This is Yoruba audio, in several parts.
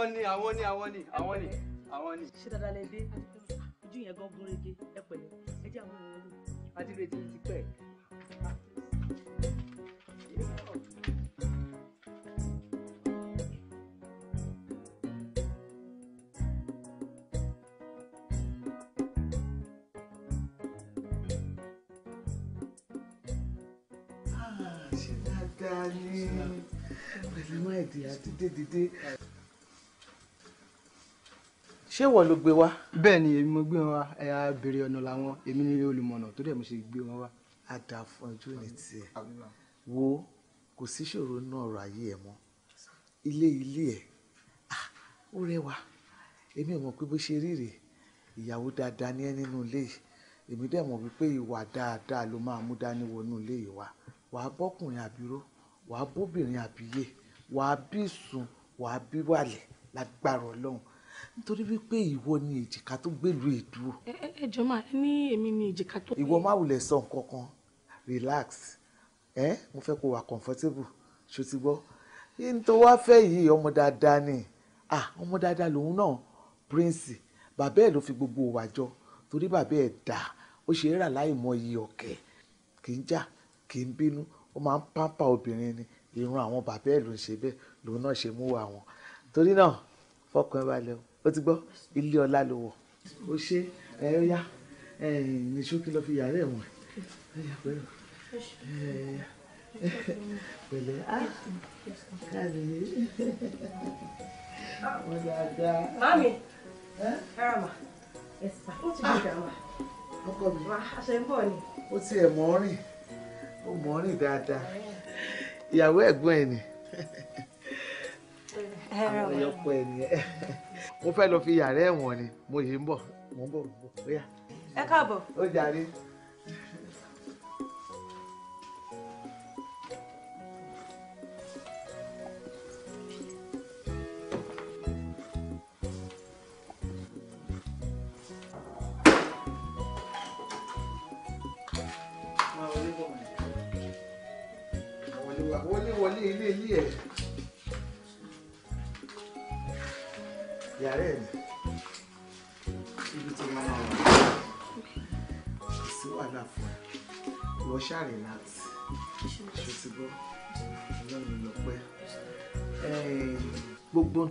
àwọn ni àwọn ni àwọn ni àwọn ni àwọn ni. ṣé dáadáa lè dé ojú yẹn gan gún régé ẹ pẹ̀lẹ́ ẹ jẹ́ àwọn ọmọ wọlé. adírètí ti pẹ́. Ah, ṣe dáadáa ni pẹ̀lú máa dé àti dédédé ṣé ìwọ ló gbé wá. bẹ́ẹ̀ ni èmi mo gbé wọn wá ẹ̀yà béèrè ọ̀nà làwọn èmi ni olùmọ̀nà tó dẹ̀ mo ṣe gbé wọn wá. a dà fún ọjọ́ ní tiẹ̀ wo kò sí ṣòro náà ọ̀rọ̀ ayé ẹ̀ mọ́ ilé ilé ẹ̀ ah, ó rẹwà èmi ò mọ̀ pé bó ṣe rí rèé ìyàwó dáadáa ní ẹ nínú ilé èmi dẹ̀ mọ̀ wípé ìwà dáadáa ló máa mú dání wọnú ilé yìí wá wàá bọ́kùnrin àbíró wàá bóbìnrin àbíyè wàá bí sùn wàá bí wàlẹ̀ lágbára ọlọ́run nítorí wípé ìwọ ni èjìká tó gbèlú ìdúró. ẹ ẹ jọ máa ní èmi ni èjìká tó. ìwọ má wulẹ̀ sọ nǹkan kan relax ẹ mo fẹ́ kó wà comfortable ṣó gbọ́ nítorí wá fẹ́ yìí ọmọ dáadáa ni ah ọmọ dáadáa lòun náà prince bàbá ẹ ló fi gbogbo wa jọ torí bàbá ẹ dà ó ṣe é rà láì ọ̀kẹ́ kì í jà kì í bínú ó máa ń pàmpà obìnrin ni irun àwọn bàbá ẹ ló ń ṣe bẹ́ẹ̀ lòun náà ṣe mú wa wọn torí náà fọkàn ẹ balẹ̀ o o ti gbọ́ ilé ọlá ló wọ̀ o ṣe ẹ ó yá nìṣó kí lọ fi yàrá ẹ̀ wọ̀n pẹ̀lẹ́ á káàdì yìí wọ́n dáadáa. mami ẹ rà mà ẹ sì pa ó ti di ìdààmú. Ah! ọkọ mi aṣọ ń bọ̀ ni. ó tiẹ̀ mọ́ rìn ó mọ́ rìn dáadáa ìyàwó ẹ̀gbọ́n ẹ̀ ni àwọn ọyọkọ ẹ nìyẹn mo fẹ́ lọ fi yàrá ẹ̀wọ̀n ni mo yìí ń bọ̀ mo ń bọ̀ bóyá. ẹ káàbọ̀. ó jàre.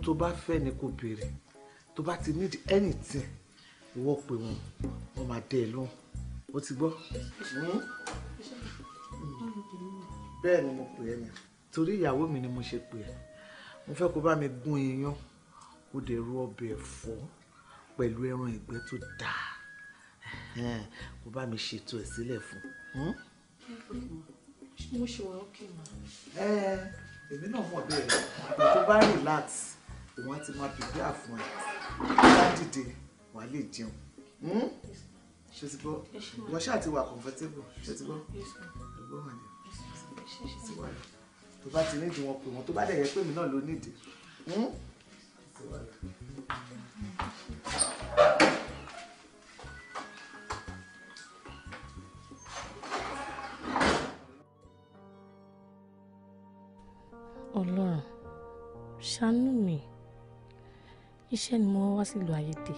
ohun tó bá fẹ́ ni kò béèrè tó bá ti need anything ìwọ pè wọn wọn máa dẹ ẹ lóhùn ó ti gbọ́. Hmm? bẹ́ẹ̀ ni mo pè ẹ́ yẹn torí ìyàwó mi ni mo ṣe pè ẹ́ mo fẹ́ kó bá mi gún iyán kó dẹ̀ ru ọbẹ̀ ẹ̀fọ́ pẹ̀lú ẹran ìgbẹ́ tó dáa kó bá mi ṣètò ẹ̀ sílẹ̀ fún un. Hmm? mo ṣe wà ókè mọ́. ẹ ẹ èmi náà mọ̀ bẹ́ẹ̀ tó bá relax òun á ti máa bèbè àfún ẹ bá dìde wàá lè jẹun hmm? ṣe ti gbọ́ wọ́n ṣáà ti wà comfortable ṣe ti gbọ́ ẹgbẹ́ wọn ni ṣe ti wà lọ tó bá ti nídìí wọn pè wọn tó bá dẹ̀ yẹ pé mi náà ló nídìí hmm? ti wà lọ. ọlọ́run ṣàánú mi iṣẹ́ ni mo wá sílùú ayédè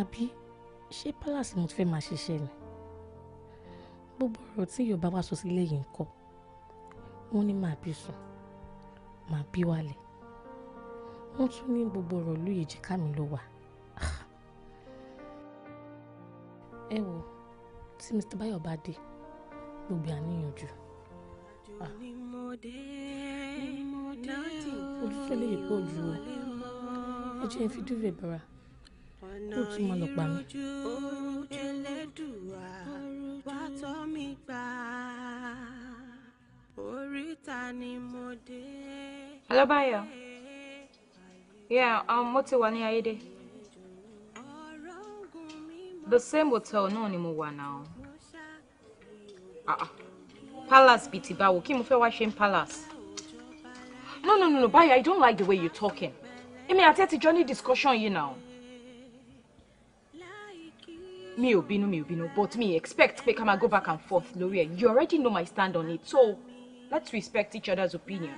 àbí ṣé palace mo ti fẹ́ máa ṣiṣẹ́ ni gbogbo ọ̀rọ̀ tí yorùbá wá sọ sílé yìí ń kọ́ wọ́n ní màá bí sùn màá bí wálẹ̀ wọ́n tún ní gbogbo ọ̀rọ̀ lóye jìká mi ló wà ẹ wo tí mr bayo bá dé gbogbo àníyànjú. olùfẹ́lẹ́ yìí pọ̀ jù ú ẹ jẹ́ fi dúró ìbára ó tún máa lọ pa mi gbà oríta yeah um, mo your wà ní the same hotel no one mo now. ah, ah. palace bíi ti báwo kí mo fẹ́ palace no no no no Bayo I don't like the way you're talking èmi àti ẹ ti jọ ní discussion yìí náà mi ò bínú mi ò bínú but me expect pé ká máa go back and forth lórí ẹ you already know my stand on it so let's respect each other's opinion.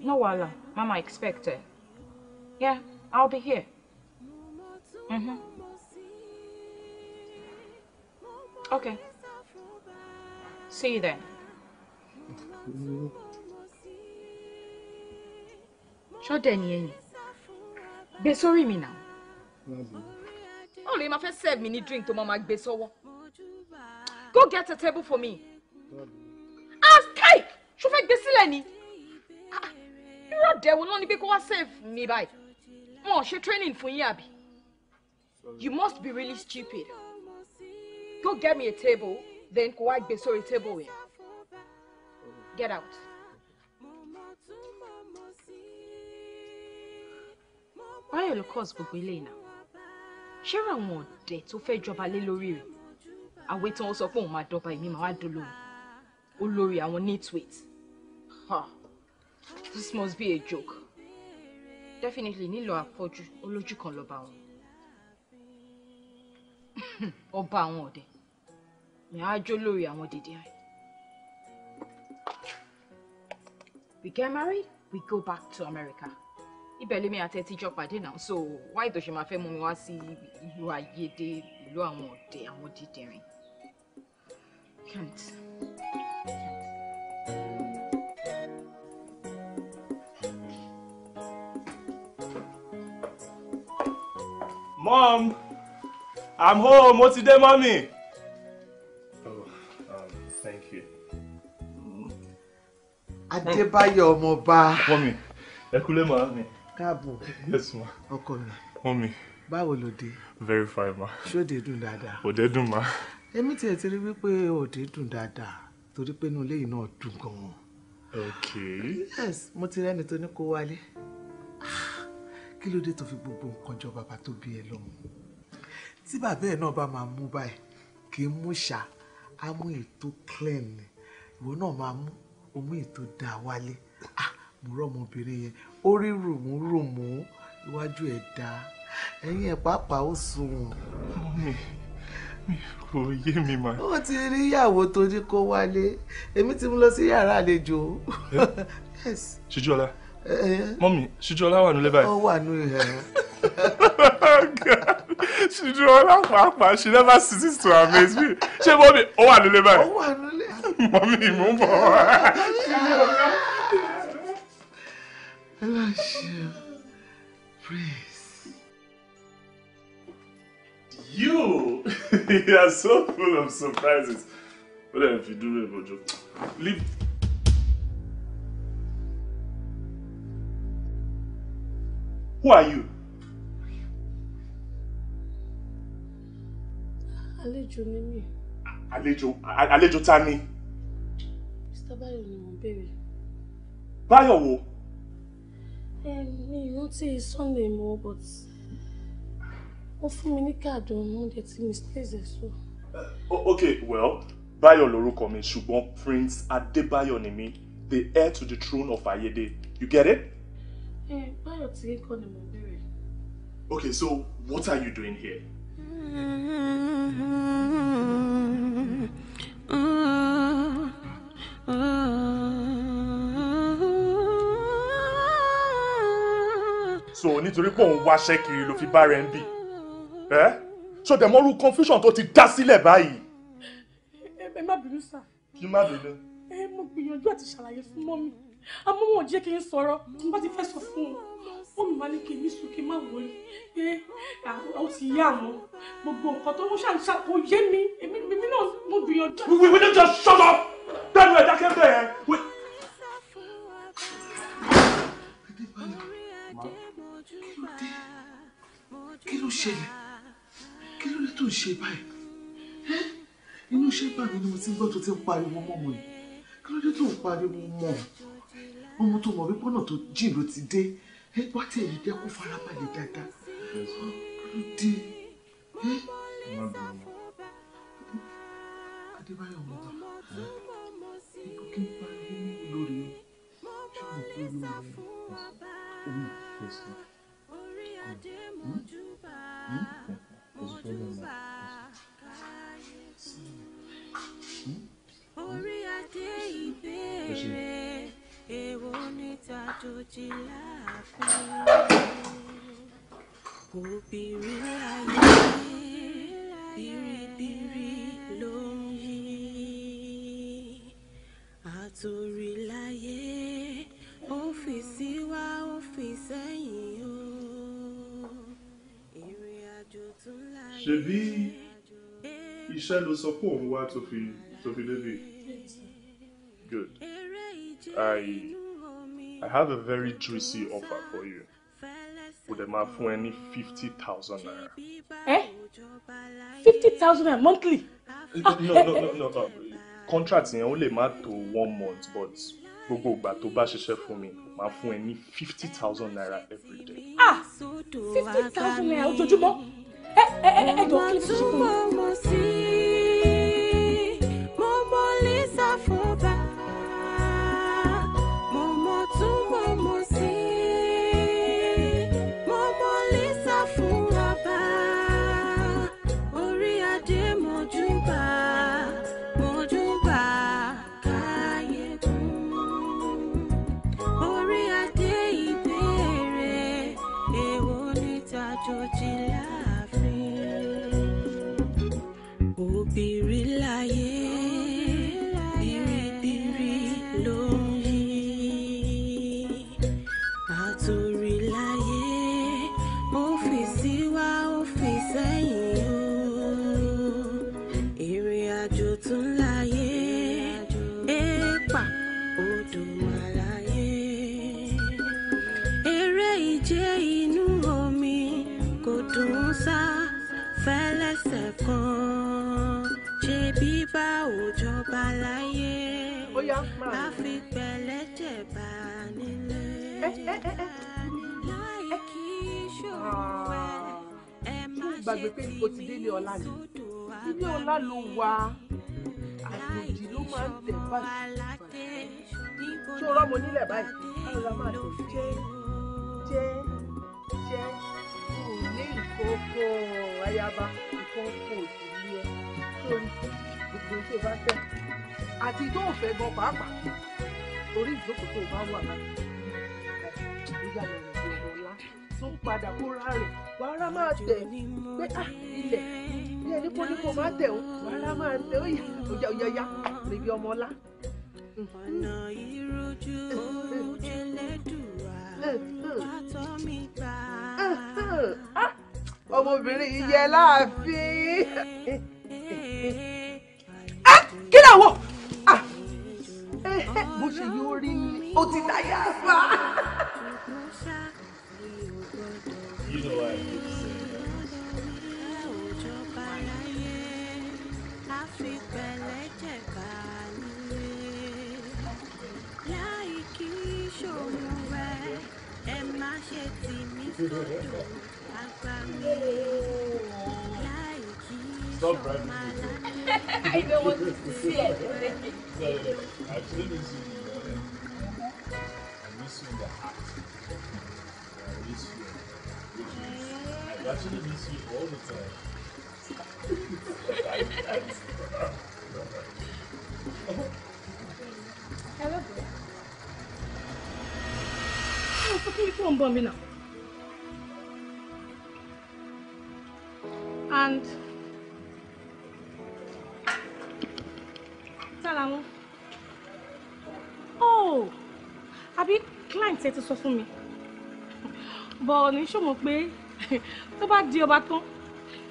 no wahala mama expect it. yeah i'll be here. Mm-hmm. okay see you then. Mm-hmm ṣọ́dẹ̀ ni ẹ̀yìn gbé sórí mi náà. ó lè máa fẹ́ serve mi ní drink tó máa máa gbé sọ́wọ́ go get a table for me. ask cake ṣó fẹ́ gbé sílẹ̀ ni ah, irú ọ̀dẹ̀ wo ló ní pé kó wá serve mi báyìí wọn ò ṣe training fún yín àbí you must be really stupid go get me a table then kó wá gbé sórí table yẹn get out. báyọ̀ ló cause gbogbo eléyìí náà ṣẹ́rọ àwọn ọ̀dẹ̀ tó fẹ́ jọba lé lórí rẹ̀ àwẹ̀ tí wọ́n sọ pé òun máa dọba èmi máa wá dolóhùn olórí àwọn nitwit this must be a joke definitely nílò àpọ̀jù olójú kan lọ́ba wọn ọba àwọn ọ̀dẹ̀ mi á jó lórí àwọn dèdè àì. We get married, we go back to America ibẹ̀ lèmi àti ẹ ti jọ pàdé náà so wáyé tó ṣe máa fẹ́ mú mi wá sí ìlú ayédè ìlú àwọn ọ̀dẹ àwọn dídìrín. Mom, I'm home. What's today, mommy? Oh, um, thank you. Adébáyọ̀ ọmọba. Mommy, ẹ kúlé màámi káàbọ̀ yes ma ọkọ mi wọ́n mi báwo ló dé very fine ma ṣóde dùn dáadáa òde dùn ma. èmi tiẹ̀ ti rí wípé òde dùn dáadáa torí pé inú ilé yìí náà dùn gan-an. ok yes mo ti rẹ́ni tó ní kó wálé kí ló dé tó fi gbogbo nǹkan jọ bàbá tó bí ẹ lọ́mọ tí bàbá ẹ náà bá máa mú báyìí kì í mú ṣá á mú ètò clean ìwọ náà máa mú òmú ètò dá wálé ah mo rọ ọmọbìnrin yẹn ó rí rùmúrùmú iwájú ẹ̀ dá ẹ̀yìn ẹ̀ pàápàá ó sunwọ̀n. mi mi kò yé mi mà. ó ti rí ìyàwó tó ní kó wálé èmi ti mú lọ sí yàrá àlejò. ṣíjọ́lá mọ́mí ṣíjọ́lá wà nílé báyìí. ó wà nílé ẹ̀. Ṣíjọ́lá pàápàá she never ceases to amaze me. Ṣé mọ́mí ó wà nílé báyìí? Ó wà nílé. Mọ́mí mú bọ̀. Elisha, praise. You, you are so full of surprises. What if you do it, Bojo? Leave. Who are you? Àlejò ni mí. Àlejò, àlejò ta ni? Mr. Báyọ̀ ni mo ń béèrè. Eh, mi rántí Sunday mọ́ but wọ́n fún mi ní káàdì ọ̀hún dẹ̀ tí misplace ẹ̀ so. Oh, ok well Báyọ̀ lorúkọ mi ṣùgbọ́n Prince Adébáyọ̀ ni mí the heir to the throne of Ayédè you get it. ẹ eh, Báyọ̀ tí kò ní mo bẹ̀rẹ̀. ok so what are you doing here. Mm-hmm. Mm-hmm. Mm-hmm. so nítorí pé òun wáṣẹ́ kiri ló fi bá rẹ̀ ń bì ẹ́ so dẹ̀mọ́rú confusion tó ti dá sílẹ̀ báyìí. ẹ má bínú sá. kí má bínú. ẹ mo gbìyànjú àti ṣàlàyé fún mọ́mí àmọ́ wọn ò jẹ́ kí n sọ̀rọ̀ n bá ti fẹ́ sọ fún wọn wọn mi máa ní kí n ní sùn kí n má wọlé ẹ ó ti yé àwọn gbogbo nǹkan tó ń ṣàǹṣà kò yé mi èmi náà mo gbìyànjú. we we just shut up bẹ́ẹ̀ ni ẹ̀dá kẹ́kẹ́ bẹ́ẹ̀ kí ló dé kí ló ṣẹlẹ̀ kí ló dé tó ń ṣe báyìí inú ṣe gbà mí ni mo ti gbọ́ tó ti ń pariwo mọ́ ọmọ yìí kí ló dé tó ń pariwo mọ́ ọmọ tó mọ̀ wípé ọ̀nà tó jìn ló ti dé wá tí èyí jẹ́ kó farabalẹ̀ dáadáa ló dé. adébáyọ̀ ọmọ wa ipò kí n pariwo lórí ṣùgbọ́n pé lórí ọmọ orí adé ìbéèrè èwo níta tó jí láàfin kò bìrì ayé bìrìbìrì ló ń yí àtòrí láyé. ṣebí iṣẹ́ ló sọ pé òun wá tó fi tó fi débi. Good. I I have a very juicy offer for you. Kò dẹ̀ máa fún ẹ ní fifty thousand naira. Ẹ eh? fifty thousand naira monthly. No no no no no contract yẹn ó lè má tó one month but gbogbo ìgbà tó bá ṣiṣẹ́ fún mi máa fún ẹ ní fifty thousand naira every day. Ah fifty thousand naira ojoojúmọ́ ẹ ẹ ẹ jọ kí ló fi ṣe fún mi. wa àjèjì ló máa ń tẹ̀ báyìí tó rọ́mọ nílẹ̀ báyìí ọ̀rọ̀ máa tó jẹ́ jẹ́ jẹ́ kò ní ìkókó ayaba ìkókó ìdílé ẹ sórí gbogbo tó bá fẹ́ àti tó ò fẹ́ gan pàápàá orí ìjókòó tó bá wà láti ìgbà tó yà gbogbo tún padà kóra rẹ̀ wàhálà máa tẹ̀ pé à ah, ilẹ̀ ní ní kó má tẹ̀ o wàhálà máa tẹ̀ ó yà ó yà yà ọmọ ọlá. ọ̀nà ìrojú ẹlẹ́dùnrà wà tọ́ mi gbà. ọmọbìnrin yẹ láàfin. Ah, kí ni àwọ̀ ah, eh, eh, bó ṣe yóò rí ni ó ti dáyà bá. Stop I don't want to see it. I actually miss you. I miss you in the heart. I miss you. I actually miss you all the time. I, I, I love Oh, fucking phone bomb me now. sọ fún mi bọ́ọ̀ ní ṣòmọ̀ pé tó bá di ọba tán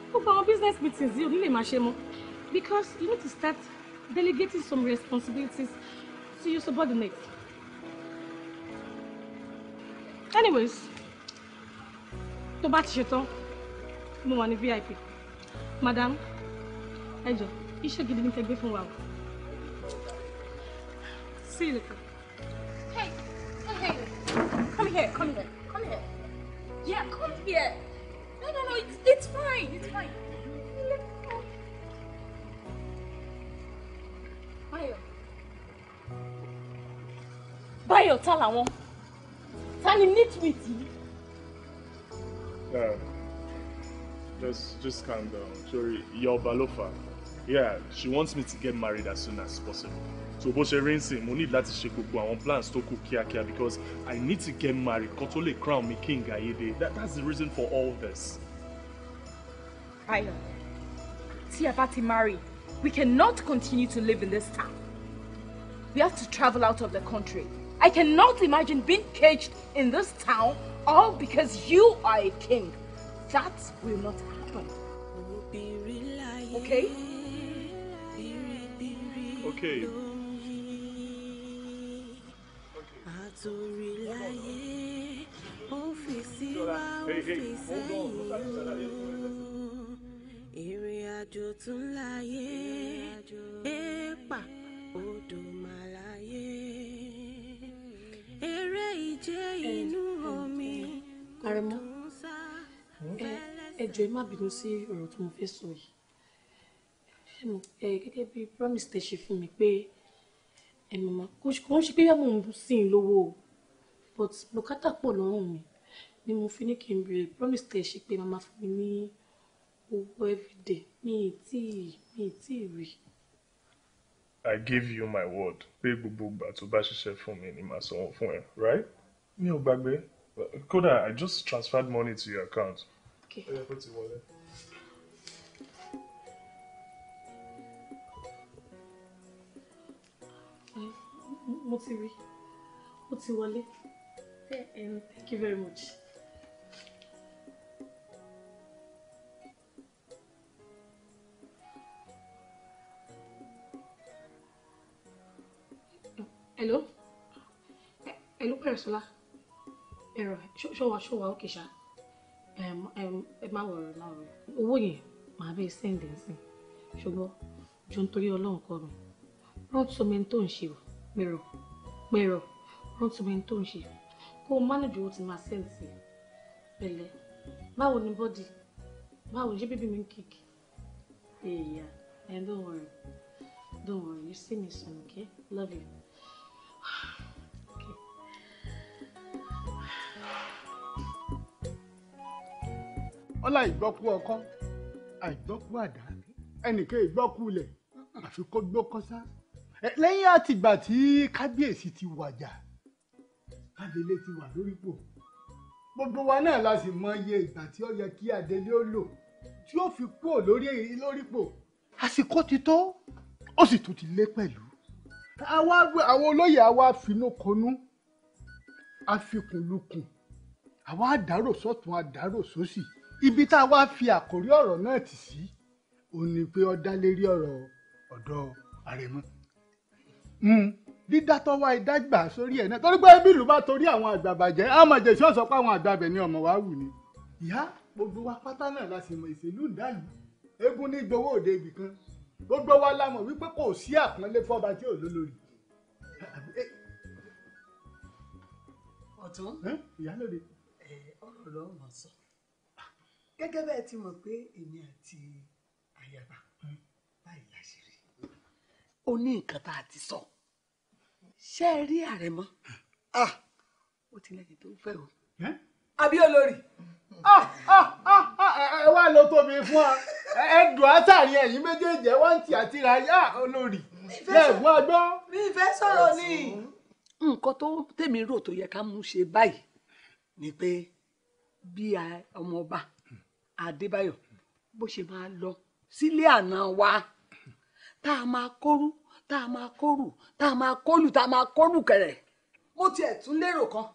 gbogbo àwọn business meetings yìí ò ní lè máa ṣe mọ́ because you need to start delegating some responsibilities to your subordinates. anyways tó bá ti ṣetán mo wà ní vip madam ẹ jọ̀ọ́ iṣẹ́ gidi ni kẹ́ gbé fún wa o see you later. Come here, come here, come here. Yeah, come here. No, no, no, it's, it's fine, it's fine. Báyọ̀. Báyọ̀ ta làwọn? Ta ni meet me tí? Yeah. Just, just calm down. Sorry, your balofa. Yeah, she wants me to get married as soon as possible so bó ṣe rí mo need láti ṣe gbogbo àwọn plans tó kù kíákíá because i need to get married kan tó lè crown mi king ayédè that, that's the reason for all this. Ayo, tí a bá ti marry, we cannot continue to live in this town. We have to travel out of the country. I cannot imagine being caged in this town all because you are a king. That will not happen. Okay? Okay. torí láyé ó fi síwá ó fi sẹ́yìn ìrìn àjò tún láyé éèpà odò màláyé eré ìje inú omi kò tó sá ẹ jọ̀ọ́ ẹ má bínú sí ọ̀rọ̀ tí mo fẹ́ sọ yìí gẹ́gẹ́ bí promise tẹ́ ṣe fún mi pé ẹ mọ̀ kó ń ṣe pé yá ń sìn lówó o but bùkátà pọ̀ lọ́rùn mi ni mo fi ní kí n béèrè promise tẹ̀ ṣe pé màmá fún mi ní owó everyday mi ì tí mi ì tí rí. I give you my word pé gbogbo ìgbà tó bá ṣiṣẹ́ fún mi ni màá sanwó fún ẹ right? mi ò gbàgbé kódà I just transferred money to your account. Okay. Ó yẹ kó ti mo ti rí ó ti wọlé thank you very much. Hello? Hello, Peresola. Ẹ̀rọ Show, ṣọ́wà show. ṣá. okay, má Um, um, Owó yẹn màá bẹ́ẹ̀ sẹ́ǹdì ń sìn. Ṣùgbọ́n jọ nítorí ọlọ́run kọ́ mi. Rántí ọmọ ẹni tó ń ṣe o. Pẹ̀rọ̀. Pẹ̀rọ̀. Rántí ọmọ ẹni tó ń ṣe o kó o manage owó ti máa sẹ́ǹsì pẹ̀lẹ́ báwo ni bọ́dì báwo ṣé bíbí mi ń kìkì èèyàn ẹ̀ don't worry don't worry you see me soon okay love you. ọlá ìgbọ́kú ọkọ́ àìgbọ́kú àdáni ẹnìkan ìgbọ́kú ilẹ̀ àfi kó gbókọ́sá lẹ́yìn àtìgbà tí kábíyèsí ti wàjà kádélé ti wà lórípò gbogbo wa náà la sì mọ iye ìgbà tí ó yẹ kí adélé ó lò tí ó fi kúrò lórí lórípò àsìkò ti tó ó sì tún ti lé pẹ̀lú àwọn olóyè àwa finúkonú afikùnlukùn àwa àdárò sọ́tún àdárò sósì ibi tá a wá fi àkórí ọ̀rọ̀ náà tì sí òun ni pé ó dá lérí ọ̀rọ̀ ọ̀dọ̀ àrẹ̀mọ. Hmm dídátọ́ wá ìdágbà sórí ẹ̀ náà torí pé bí ìlú bá torí àwọn àgbà bàjẹ́ á máa jẹ̀ sí ọ̀sán pé àwọn àgbà bẹ̀ ni ọmọ wa wù ni. ìyá gbogbo wa pátá náà la sì mọ ìṣèlú ìdáyìí eégún ní gbowó òde ibì kan gbogbo wa la mọ̀ wípé kò sí àpọ́nlé fọ́ba tí ò lólórí. ọ̀tún ìyálòde ọ̀rọ̀ ló mọ̀ sọ gẹ́gẹ́ bẹ́ẹ̀ ti mọ̀ pé èmi àti àyàbá báyìí la ṣe o ní nǹkan tá a ti sọ. So ṣé ẹ rí àrẹ̀mọ ah. Ah, ó ti lẹ́yìn tó fẹ́ o àbí olórí ah, ẹ wá lọ tóbi fún ọ ẹ dùn átàrí ẹ̀yin méjèèjì ẹ wá ń tì àti ra yá olórí lẹ́ẹ̀gbọ́n agbọ́. mi ìfẹ́ sọ̀rọ̀ ni. nǹkan tó tèmi rò tó yẹ ká mú ṣe báyìí ni pé bí ọmọọba Adébáyọ̀ bó ṣe máa lọ sílé àná wa tá a máa kórú tá a máa kórù tá a máa kólù tá a máa kórù kẹ̀rẹ̀. mo tiẹ̀ tún lérò kan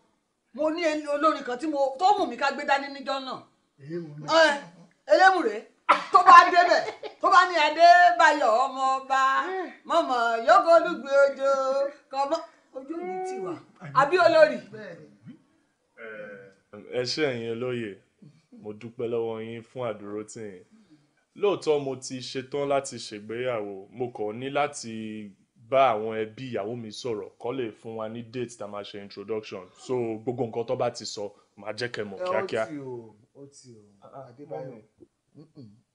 mo ní olórin kan tí mo tó mú mi ká gbé dání níjọ́ náà. elémùrè tó bá débẹ̀ tó bá ní adébáyọ̀ ọmọ ọba mọ̀mọ́ yọ̀gọ́ olúgbé ojo kọ́mọ́ ojú mi ti wà àbí olórí. ẹ ṣé ẹ̀yin olóye mo dúpẹ́ lọ́wọ́ yín fún àdúrótì yín lóòótọ́ mo ti ṣetán láti ṣègbéyàwó mo kàn ní láti bá àwọn ẹbí ìyàwó mi sọ̀rọ̀ kó lè fún wa ní date tá a máa ṣe introduction so gbogbo nǹkan tó bá ti sọ màá jẹ́ kẹ́ mọ̀ kíákíá. ẹ ó ti o ó ti o ah, Adébáyọ̀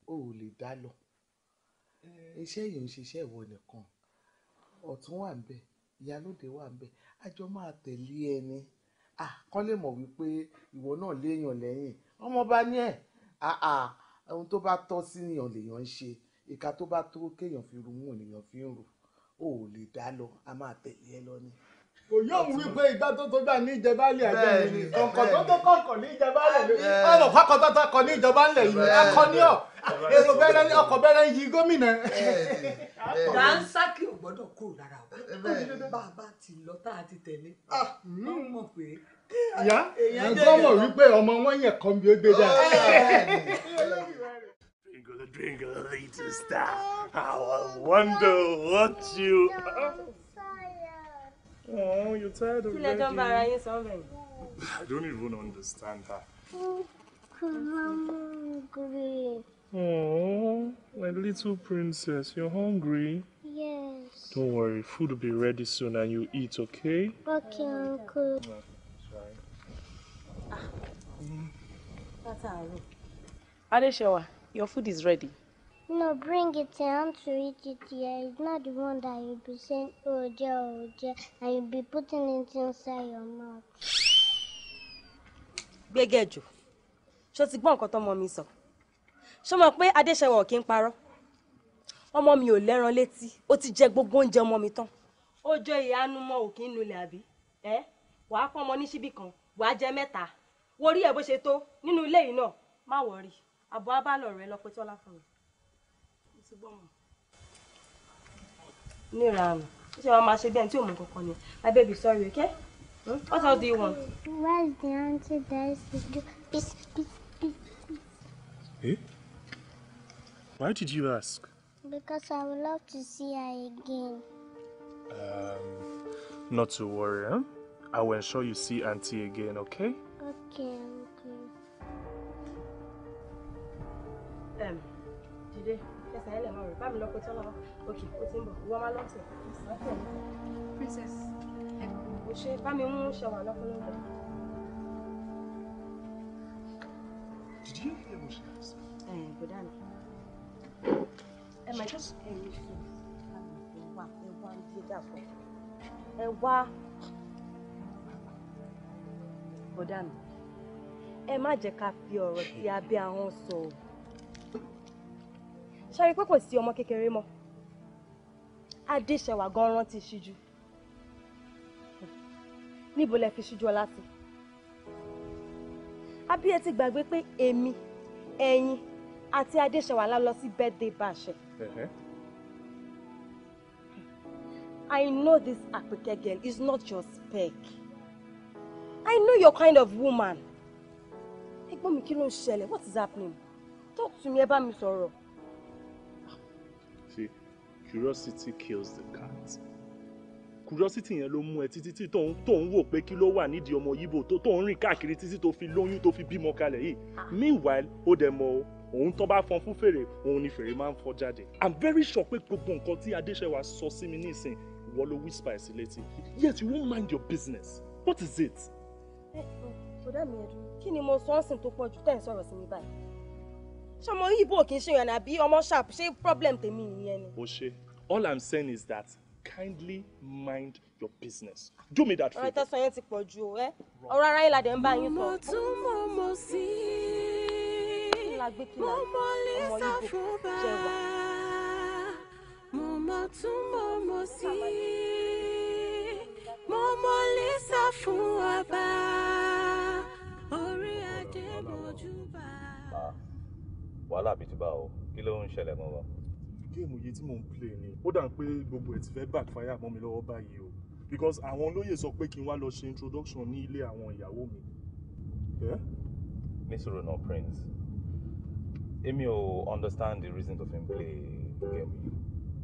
o ò lè dá lọ iṣẹ́ yìí ń ṣiṣẹ́ ìwọ nìkan ọ̀tún wà ń bẹ ìyálóde wà ń àjọ máa tẹ̀lé ẹni ah, kó lè mọ̀ wípé ìwọ náà léèyàn lẹ́yìn ọmọ bá ní ẹ̀ ah, ohun tó bá tọ́ sí yàn lèèyàn ń ṣe ìka tó bá tó kéèyàn fi rú mú ènìyàn fi ń rù ó ò lè dá lọ a máa tẹ̀lé ẹ lọ ni. kò yóò wí pé ìgbà tó tó gbà ní ìjẹba lè àjọ mi ni kọ̀ǹkọ̀ tó tó kọ̀ǹkọ̀ ní ìjẹba lè mi ọ̀rọ̀ pákọ̀ tó kọ̀ ní ìjọba ńlẹ̀ yìí akọ́níọ̀ èrò bẹ́rẹ̀ ní ọkọ̀ bẹ́rẹ̀ ń yí gómìnà. dànsákì ò gbọ́dọ̀ kúrò lára wa bá a bá ti lọ tá a ti tẹ̀lé ah, ọmọ pé ìyá ẹ̀gbọ́n mọ̀ wípé ọmọ wọn yẹn kan bí ó gbé dá. Twinkle twinkle little star, I wonder what you are. Oh, you're tired already. Kílẹ̀ jọba ara yín sọ I don't even understand her. hungry. Oh, my little princess, you're hungry? Yes. Don't worry, food will be ready soon and you eat, okay? Okay, Uncle. Yeah. látàárọ̀. Adéṣẹwà, your food is ready. No, bring it and I'm to eat it here. It's not the one that you'll be saying, oh, dear, oh, dear, and you'll be putting it inside your mouth. Gbẹ́gẹ́jò, ṣó ti gbọ́ nǹkan tọ́mọ mi sọ? Ṣó mọ̀ pé Adéṣẹwà kì í parọ́? Ọmọ mi ò Jack go ó ti jẹ gbogbo oúnjẹ ọmọ mi tán. Ó jọ ìyanu mọ́ òkè nulẹ̀ àbí? Ẹ́ wàá pọ́n ọmọ ní ṣíbí kan, wàá jẹ mẹ́ta wo rí ẹ bó ṣe tó nínú ilé yìí náà má wọrí àbọ̀ abálọ̀ rẹ lọ pé tọ́lá fún mi. mo ti gbọ́ mọ̀. níranù ó ṣe wọn máa ṣe bí ẹni tí òun kankan ni my baby sorry okay hmm? what else do you want. where's the aunty that is the. do peace peace peace. eh why did you ask. because i would love to see her again. Um, not to worry, huh? I will ensure you see Auntie again, okay? Okay, okay. Um, Jide, yes, I am alright. Bami lọ́pọ̀ tọ́lá. Okay, ó ti ń bọ̀. Wọ́n máa lọ́sẹ̀. Princess, ẹ̀kọ́ ò ṣe bá mi mú ṣọwà lọ́pọ̀lọpọ̀. Did you hear what she asked? Eh, go down. Ẹ máa just ẹ rí fún mi. Ẹ wá, ẹ wá ń dé dàpọ̀ ẹ má jẹ́ ká fi ọ̀rọ̀ sí abẹ́ ahọ́n sọ o ṣe rí pé kò sí ọmọ kékeré mọ́ adéṣẹwà gan rántí ṣíjú níbo lẹ fi ṣíjú ọlá sí àbí ẹ ti gbàgbé pé èmi ẹ̀yin àti adéṣẹwà la lọ sí birthday bash I know this Apike girl is not your spec. I know your kind of woman. Adigun mi kí ló ń ṣẹlẹ̀? What is happening? Talk to me, ẹ bá mi sọ̀rọ̀. Ṣé curiosity kills the cat? Curiosity yẹn ló mú ẹ títí tí tó ń wò pé kí ló wà nídìí ọmọ Yíbo tó tó ń rìn káàkiri títí tó fi lóyún tó fi bímọ kalẹ̀ yìí. Ah. Meanwhile, ó dẹ̀ mọ̀ o òun tán bá fọn fún fèrè òun ni fèrè máa ń fọ jáde i'm very sure pé gbogbo nǹkan tí adéṣẹwà sọ sí mi nísìn ìwọ ló whisper ẹ sí létí yet you won't mind your business what is it. Eh, ọ̀rẹ́ mi ẹ̀rí kí ni mo sọ ọ́ sìn tó pọ̀ jù tẹ̀ ń sọ̀rọ̀ sí mi báyìí ṣé ọmọ yìí bò kí ṣe yàn àbí ọmọ sharp ṣé problem tèmi nìyẹn ni. o ṣe all i'm saying is that kindly mind your business do me that favour. ọ̀rọ̀ ìtẹ̀sán yẹn ti pọ̀ jù o ẹ́ ọ̀rọ̀ ara yín la dẹ̀ ń bá yín sọ. mo tún mọ̀ mo sí mo mọ lisa fún mo mọ tún mọ̀ mo sí mo mọ lisa fún bàbá. wàhálà bíi ti bá o kí ló ń ṣẹlẹ̀ gangan. géèmù yìí tí mò ń play ni ó dà ń pé gbogbo ẹ̀ ti fẹ́ backfire mọ́ mi lọ́wọ́ báyìí o because àwọn olóyè sọ pé kí n wá lọ ṣe introduction ní ilé àwọn ìyàwó mi. nísòro eh? náà prince Emi o understand the reason to fi play game yìí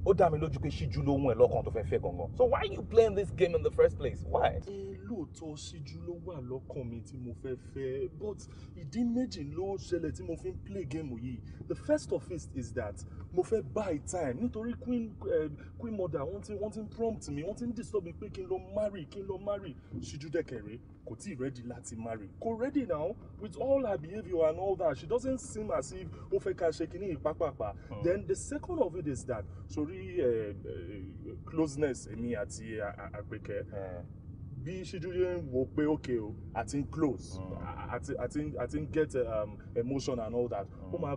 ó dá mi lójú pé ṣíjú ló wù ẹ́ lọ́kàn tó fẹ́ fẹ́ gangan so why you playing this game in the first place why. ẹ lóòótọ́ ṣíjú ló wà lọ́kàn mi tí mo fẹ́ fẹ́ but ìdí méjì ló ṣẹlẹ̀ tí mo fi ń play game yìí the first of it is that mo fẹ́ buy time nítorí queen uh, queen mother wọ́n ti wọ́n ti prompt me wọ́n ti disturb me. pé kí n lọ marry kí n lọ marry ṣíjú dẹ̀kẹ̀rẹ́ kò tí ready láti marry kò ready now with all her behavior and all that she doesn't seem as if ó shaking ká ṣe kínní ìpápàpà hmm. then the second of it is that sorry uh, eh, uh, eh, closeness èmi àti Àpèkẹ́ hmm. bí ṣíjúlé ń wo pé okay o àti ń close àti hmm. àti àti ń get um, emotion and all that ó máa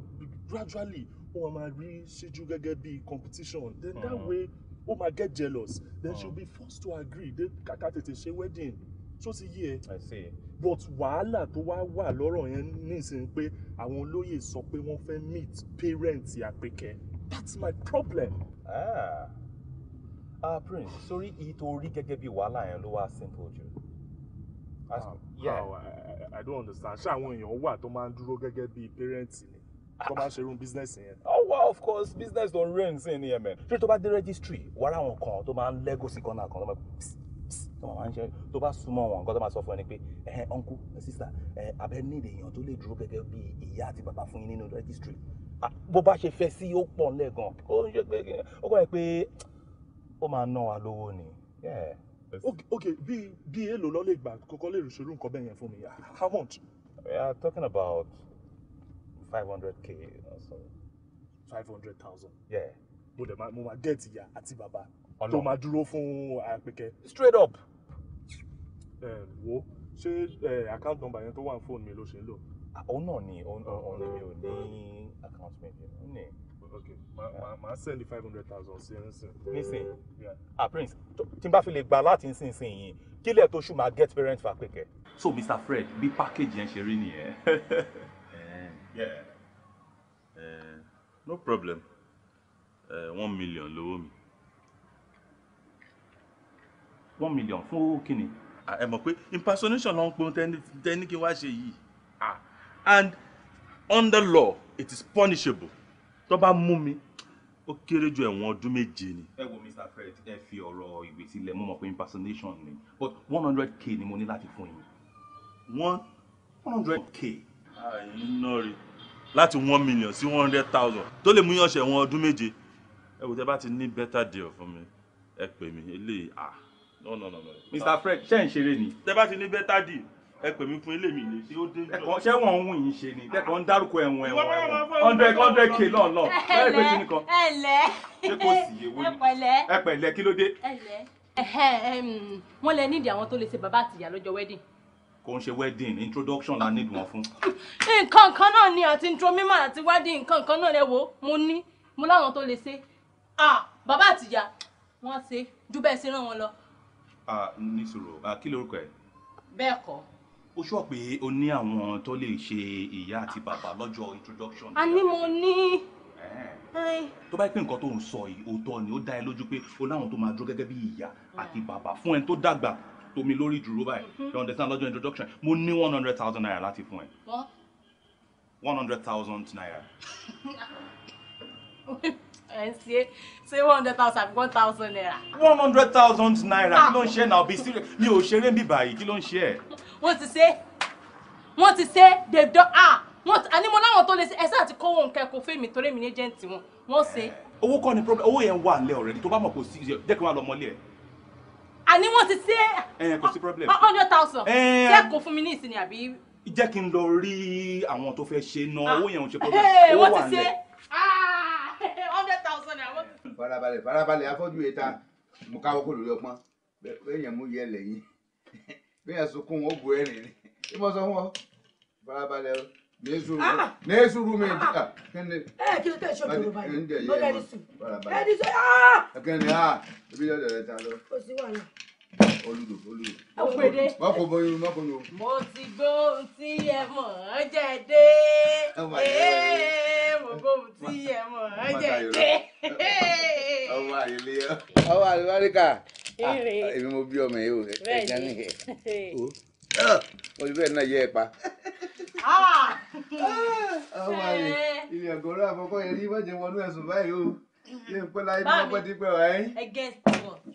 gradually ó máa rí ṣíjú gẹ́gẹ́ bí competition then that way ó máa get jealous then she be forced to agree then kàkà tètè ṣe wedding tó ti yé ẹ. E? I see. but wàhálà tó wá wà lọ́rọ̀ yẹn nísìnyí pé àwọn olóyè sọ pé wọ́n fẹ́ meet parent Àpèkẹ́ that's my problem. ah ah prince sórí ìtorí gẹ́gẹ́ bí wàhálà yẹn ló wá simple jù. yeah. How? I, don't understand. Ṣé àwọn èèyàn wà tó máa ń dúró gẹ́gẹ́ bíi parents ni? Tó máa ń ṣerú business yẹn. Oh well of course business don rain sí ní ẹ̀mẹ̀. Ṣé tó bá dé registry, wàrà àwọn kan tó máa ń lẹ́gò sí kan náà kan lọ́mọ. Psst tó máa ń ṣe tó bá súnmọ́ wọn nǹkan tó máa sọ fún ẹ ni pé ẹ̀hẹ́n uncle sister ẹ̀ abẹ́ nílé èèyàn tó lè dúró gẹ́gẹ́ bí ìyá àti bàbá fún yín nínú registry ah, bó bá ṣe fẹ́ sí ó pọ̀ lẹ́gàn ó ń ṣe pé ó kọ́ ẹ pé ó máa ná wa lówó ni. ok bí bí èèlò lọ lè gbà lè ṣòro nǹkan bẹ́ẹ̀ yẹn fún mi how much. we are talking about five hundred k or so. five hundred thousand. yeah. mo dẹ̀ mo máa gẹ̀ẹ́tì ìyá àti bàbá tó máa dúró fún àpèkẹ́. Ah, straight up. Um, wo ṣé um, account number yẹn tó wà ní fóònù mi ló ṣe ń lò. Ah, òun náà ni òun ni mi ò ní account mi òun ni. ok màá màá send five hundred thousand sí ẹnsìn. nísìn ah prince tí n bá fi lè gbà láti nísinsìn yìí kílẹ̀ tó ṣù máa get parent fa pẹ̀kẹ́. so mr fred bí package yẹn ṣe rí nìyẹn. Eh, no problem uh, one million lówó mi. one million fún owó kìíní. Ah, ẹ mọ̀ pé impersonation ló ń pọn tẹ́ni kí wá ṣe yìí ah, and under law it is punishable tó bá mú mi ó kéré ju ẹ̀wọ̀n ọdún méje ni. ẹ wo mr fred ẹ fi ọ̀rọ̀ ìwé sílẹ̀ mo mọ̀ pé impersonation ni but one hundred k ni mo ní láti fún yín. one hundred k. àìní náà rí láti one million sí one hundred thousand tó lè mú yàn ṣẹ̀wọ̀n ọdún méje ẹ wò tẹ́ bá ti ní better deal fún mi ẹ pè mí eléyìí ah no no no no. mr fred ṣé ń ṣeré ni. tẹ bá ti ní better deal ẹ pè mí fún ilé mi ni tí ó dé jọ. ẹ̀kọ́ ṣé wọ́n ń wù yín ṣe ni tẹ́kọ̀ ń dárúkọ ẹ̀wọ̀n ẹ̀wọ̀n hundred hundred k lọ́ọ̀ lọ́ọ̀ ẹ pè kí nìkan. ẹ lẹ ṣé kò sì yé wọ́n ẹ pẹ̀lẹ́ kí ló dé. wọ́n lẹ nídìí àwọn tó lè ṣe bàbá àtìyá lọ́jọ́ wedding. kò ń ṣe wedding introduction la nílùú wọn fún. nǹkan kan náà ni àti intro mímọ àti wedding nǹkan kan náà rẹ wo mo ní mo láwọn tó lè ṣe bàbá àtìyá wọ́n ṣe jù bẹ́ẹ̀ ṣe rán wọn lọ níṣòro kí lorúkọ ẹ. bẹ́ẹ̀ kọ́. ó sọ pé o ní àwọn tó lè ṣe ìyá àti bàbá lọ́jọ́ introduction. a ní mo ní. tó bá yẹ pé nǹkan tó ń sọ yìí òótọ́ ni ó dá ẹ lójú pé o láwọn tó máa dúró gẹ́gẹ́ bí ìyá àti bàbá fún ẹni tó dàgbà tomi lórí dúró báyìí mm-hmm. you understand lọ́jọ́ introduction mo ní one hundred thousand naira láti fún ẹ. one hundred thousand naira. ẹ̀ ń ṣe ṣé thousand naira. one naira kí ló ń ah. ṣe ẹ̀ náà bí sílẹ̀ mi ò ṣeré mi báyìí kí ló ń ṣe ẹ̀. wọ́n ti ṣe wọ́n ti ṣe they don ah wọ́n ti àní mo láwọn tó lè ṣe ẹ̀sẹ̀ àti kówó nǹkan ẹ̀kọ́ fèmí torí mi ní jẹ́ǹtì wọn wọ́n ṣe. owó kọ́ ni problem owó yẹn wà nílẹ̀ already tó bá mọ̀ kò sí jẹ́ kí wọ́n á lọ mọ́lé ẹ̀ àní wọ́n ti ṣe. ẹ kò sí problem. hundred thousand. ṣé kò fún mi ní ìsinmi àbí. jẹ́ kí n lọ rí àwọn tó fẹ́ ṣe ná ah. owó yẹn ò ṣe problem. owó wà nílẹ̀. Ah hundred thousand naira. farabalẹ̀ farabalẹ̀ afọ́jú yẹn ta mo káwọ́ kó lórí ọpọ́n bẹ́ẹ̀ yẹn mú yẹ lẹ́yìn bẹ́ẹ̀ yẹn sunkún ó bu ẹ̀rìn ni bí mo sọ fún ọ farabalẹ̀ o n'esuru n'esuru mi dika ah! ah! ah! kende. ẹ kí ló tẹ ṣe òkè yorùbá yìí ló lẹ́rìí sùn. ẹ ní sọ ẹ ní sọ ẹ bí yọ dẹrẹ ta lọ olùdó olùdó. ọ̀pẹ̀dẹ̀. má kò bọ irun má kò lò. mo ti gbọ́ ohun tí ẹ mọ̀ ọ́n jẹ́ dé. mo gbọ́ ohun tí ẹ mọ̀ ọ́n jẹ́ dé. ọmọ àyèlé ọmọ àlùbáríkà èmi mo bí ọmọ yìí o ẹja ní kẹ o ti bẹ́ẹ̀ náà yẹ ẹ pa. ọmọ àyè ilé ẹ̀gọ́ rẹ̀ yẹn ní ìbàjẹ́ wọnú ẹ̀sùn báyìí o yẹ pẹ́ láyé bí wọ́n pẹ́ ti pẹ́ wáyé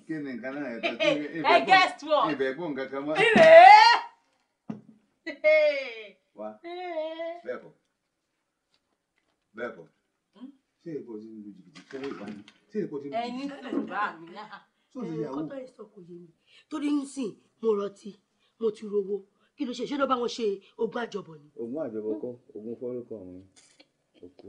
kíni nǹkan náà ẹ̀tọ́ tí ẹ guest what ibẹ̀ gbọ́n nǹkan kan mọ́. wa bẹ́ẹ̀ kọ́ bẹ́ẹ̀ kọ́ hmm? ṣé èkó ti ń lu jìbìtì kí wọ́n ìbánu ṣé èkó ti ń lu jìbìtì. ẹni tó ń bá mi náà kọ́tọ́ ìsọkò yé kí ló ṣe ṣé ló bá wọn ṣe ogún àjọbọ ni. ogún àjọbọ kọ́ ogún fọ́rọ́kọ̀ àwọn òkú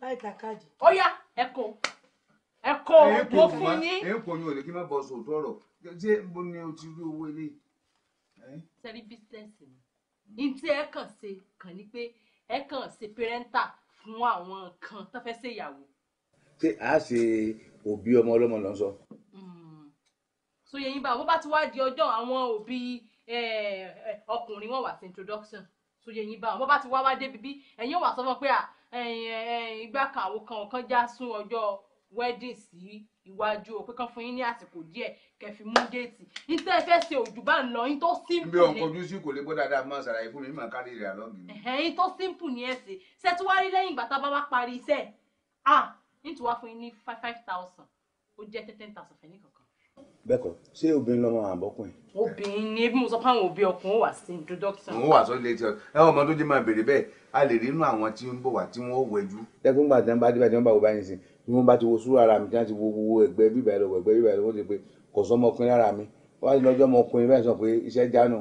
láì ta káàdì. ó yá ẹ kó ẹ kó mo fún yín. èyí kò ní olè kí n má bọ sọ òótọ́ ọ̀rọ̀ ṣé mo ní o ti rí owó eléyìí. sẹ́rí bísíǹsì ni ní tí ẹ kàn ṣe kàn ní pé ẹ kàn ṣe pẹrẹńtà fún àwọn kan tó fẹ́ ṣe ìyàwó. ṣé a ṣe òbí ọmọ ọlọ́mọ lọ sọ. Hmm. sóye yín bá wọn bá ti wá di ọjọ́ àwọn òbí ọkùnrin wọn wà sí introduction sóye yín bá wọn bá ti wá wá débi bí ẹ̀yin wà sọ fún ọ pé à ìgbà kan àwo kan ọ̀kan já sún ọjọ́ wedding sí iwájú o pé kán fún yín ní àsìkò díẹ̀ kẹfì mú déètì níta ẹ fẹ́ ṣe òjò bá ń lọ yín tó simple ni. mi ò kọjú sí kò lè bọ́ dáadáa máa ṣàlàyé fún mi máa kárí rẹ̀ àlọ́ mi. yín tó simple ni ẹ ṣe ṣe tí wàá rí lẹ́yìn ìgbà tá a bá wá parí iṣẹ́ à ah, nítorí wàá fún yín ní five five thousand ó jẹ́ ten thousand fẹ́ ní kankan bẹ́ẹ̀kọ́ ṣé obìnrin lọ́mọ àbọ́kùnrin. obìnrin ni ebi mo sọ fáwọn òbí ọkùnrin wà sí introduction. òun wà sọ ilé tí ọ ẹ ọmọ tó jẹ máa béèrè bẹ́ẹ̀ a lè rí inú àwọn tí ń bọ̀ wá tí wọn ò wẹjú. dẹ́kun gbà tí wọ́n bá dé báyìí tí wọ́n bá wo báyìí sí ni wọ́n bá ti wo sùúrù ara mi tí wọ́n ti wo wo ẹgbẹ́ bíbá ẹ̀rọ ẹgbẹ́ bíbá ẹ̀rọ wọ́n ti pé kò sọ ọmọkùnrin lára mi wọ́n á lọ́jọ́ ọmọkùnrin bẹ́ẹ̀ sọ pé iṣẹ́ jánu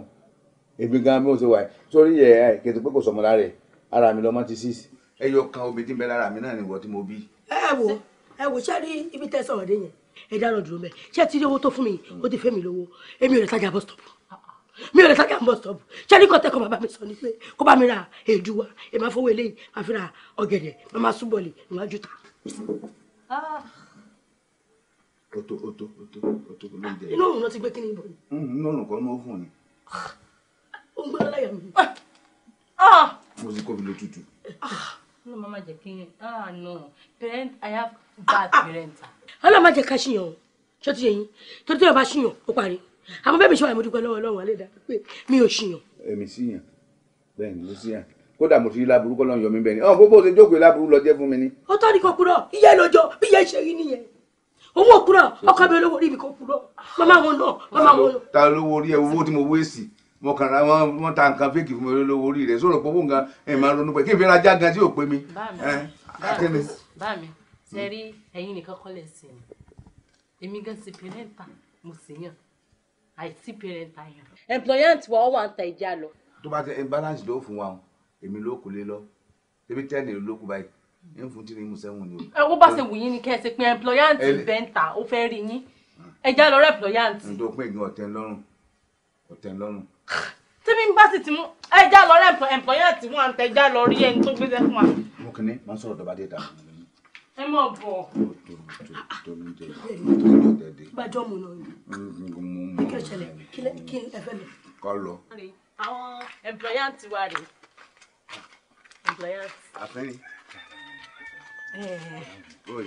èmi gan bí mo ṣe wà sórí yẹ ẹ kẹtù pé kò sọmọ lára ẹ ara mi lọmọ ti six. ẹyọ kan obìnrin tí ń bẹ lára mi náà ni ẹ dá lọ dúró mẹ ṣé ẹ ti rí owó tó fún mi ó ti fẹ́ mi lówó èmi ò lè tajà bus stop mi ò lè tajà bus stop ṣé ní kọ́tẹ́ kan bàbá mi sọ ni pé kó bá mi ra èédú wa ẹ máa fowó eléyìí máa fi ra ọ̀gẹ̀dẹ̀ máa máa súbọ̀ lè níwájú ta. oto oto oto oto ló ń jẹ inú òun náà ti gbé kíni ìbọn. inú òun kan ló fún ni. ó ń gbé lọ́láyà mi. mo ti kọ́ mi lótútù ló Mama Jackie. ah no parent i have bad parent. ọlọ́run má jẹ́ ká ṣìyàn o ṣé ti yẹ yín torí tí wọ́n bá ṣìyàn ó parí àmọ́ bẹ́ẹ̀ mi ṣe wà ní dúpẹ́ lọ́wọ́ ọlọ́run alẹ́ dàbí pé mi ò ṣìyàn. èmi ṣìyàn bẹ́ẹ̀ ni mo ṣìyàn kódà mo ti rí láburú kọ́ lọ́n yọ mí bẹ́ẹ̀ ni ọ̀hún bó bó ṣe jókòó láburú lọ jẹ́ fún mi ni. ó tọ́ ni kò kúrọ̀ iye lójó bí iye ṣe rí nìyẹn owó kúrọ̀ ọkọ mi olówó rí mi kò kúrọ̀ màmá wọn náà màmá wọn náà. ta ló rí ẹ owó tí mo wé sí mo kàn ra wọn wọn ta nǹkan fíìkì fún mi lówó orí rẹ sọ̀rọ̀ pé owó nǹkan ẹ máa ronú pé kí n fi ra já gan tí ò pé mi. bá mi ṣe rí ẹ̀yin nìkan kọ́ lẹ̀ sí i èmi gan sí pẹrẹnta mo sì yàn àìsí pẹrẹnta yàn. employant wa ọwọ́ àǹtà ìjà lọ. tó bá tẹ balance ló fún wa o èmi ló kù lé lọ ebi tẹ́ni ló kù báyìí ń fún tí ni mo sẹ́wọ̀n ni o. ẹ wọ́n bá ṣe wù yín ni kẹ́ ẹ ṣe pé employant bẹ́ńtà ó fẹ́ rí yín ẹ já lọ rẹ̀ employant. ǹdọ́ pé ọ̀tẹ̀ ńlọ́rùn ọ̀tẹ̀ ńlọ́rùn tẹ́mi bá sì ti mú ẹja lọ rẹ ẹ̀mpọ̀yẹ́ tí wọ́n ń tẹja lọ rí ẹni tó gbéṣẹ́ fún wa. mo kìíní máa ń sọ̀rọ̀ dọ̀bá dé ta. ẹ mọ̀ bọ̀. gbàjọ́ mu lọ rí. kí ló ṣẹlẹ̀ kí ẹ fẹ́ mi. kọ́ lọ. àwọn ẹ̀mpọ̀yẹ́ ti wà rè ẹ̀mpọ̀yẹ́. àfẹ́yìn.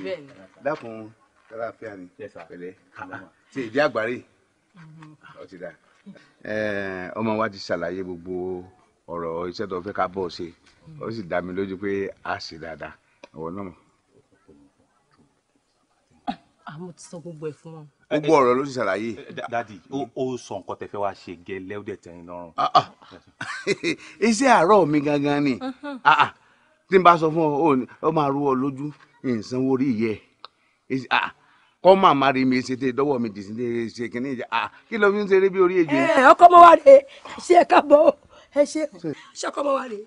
bẹ́ẹ̀ ni. dákun tẹ́lá fẹ́ àní pẹ̀lẹ́ ṣe ọmọ wa ti ṣàlàyé gbogbo ọ̀rọ̀ iṣẹ́ tó fẹ́ ká bọ̀ ṣe ó sì dá mi lójú pé a ṣe dáadáa ọ̀wọ́ náà mọ̀. àmọ́ ah, ti sọ gbogbo ẹ̀ fún wọn. gbogbo ọ̀rọ̀ ló ti ṣàlàyé. Eh, eh, dadi ó sọ nǹkan tẹ́ fẹ́ wá ṣe gẹ́lẹ́ ó dẹ̀ tẹ́ yín lọ́rùn. Ah, ah. iṣẹ́ àárọ̀ mi gangan ni uh-huh. tí n bá sọ fún ọ ó máa rú ọ lójú ìsanwó rí ìyẹ́ kọ́ màmá rẹ̀ mi ṣe tẹ dọ́wọ́ mi dì sí ṣe kìíní ìjà ah kí ló fi ń ṣeré bí orí èjì. ẹ ọkọ mọ wa rè ṣe ẹ káàbọ̀ ẹ ṣe ṣe ọkọ mọ wa rè.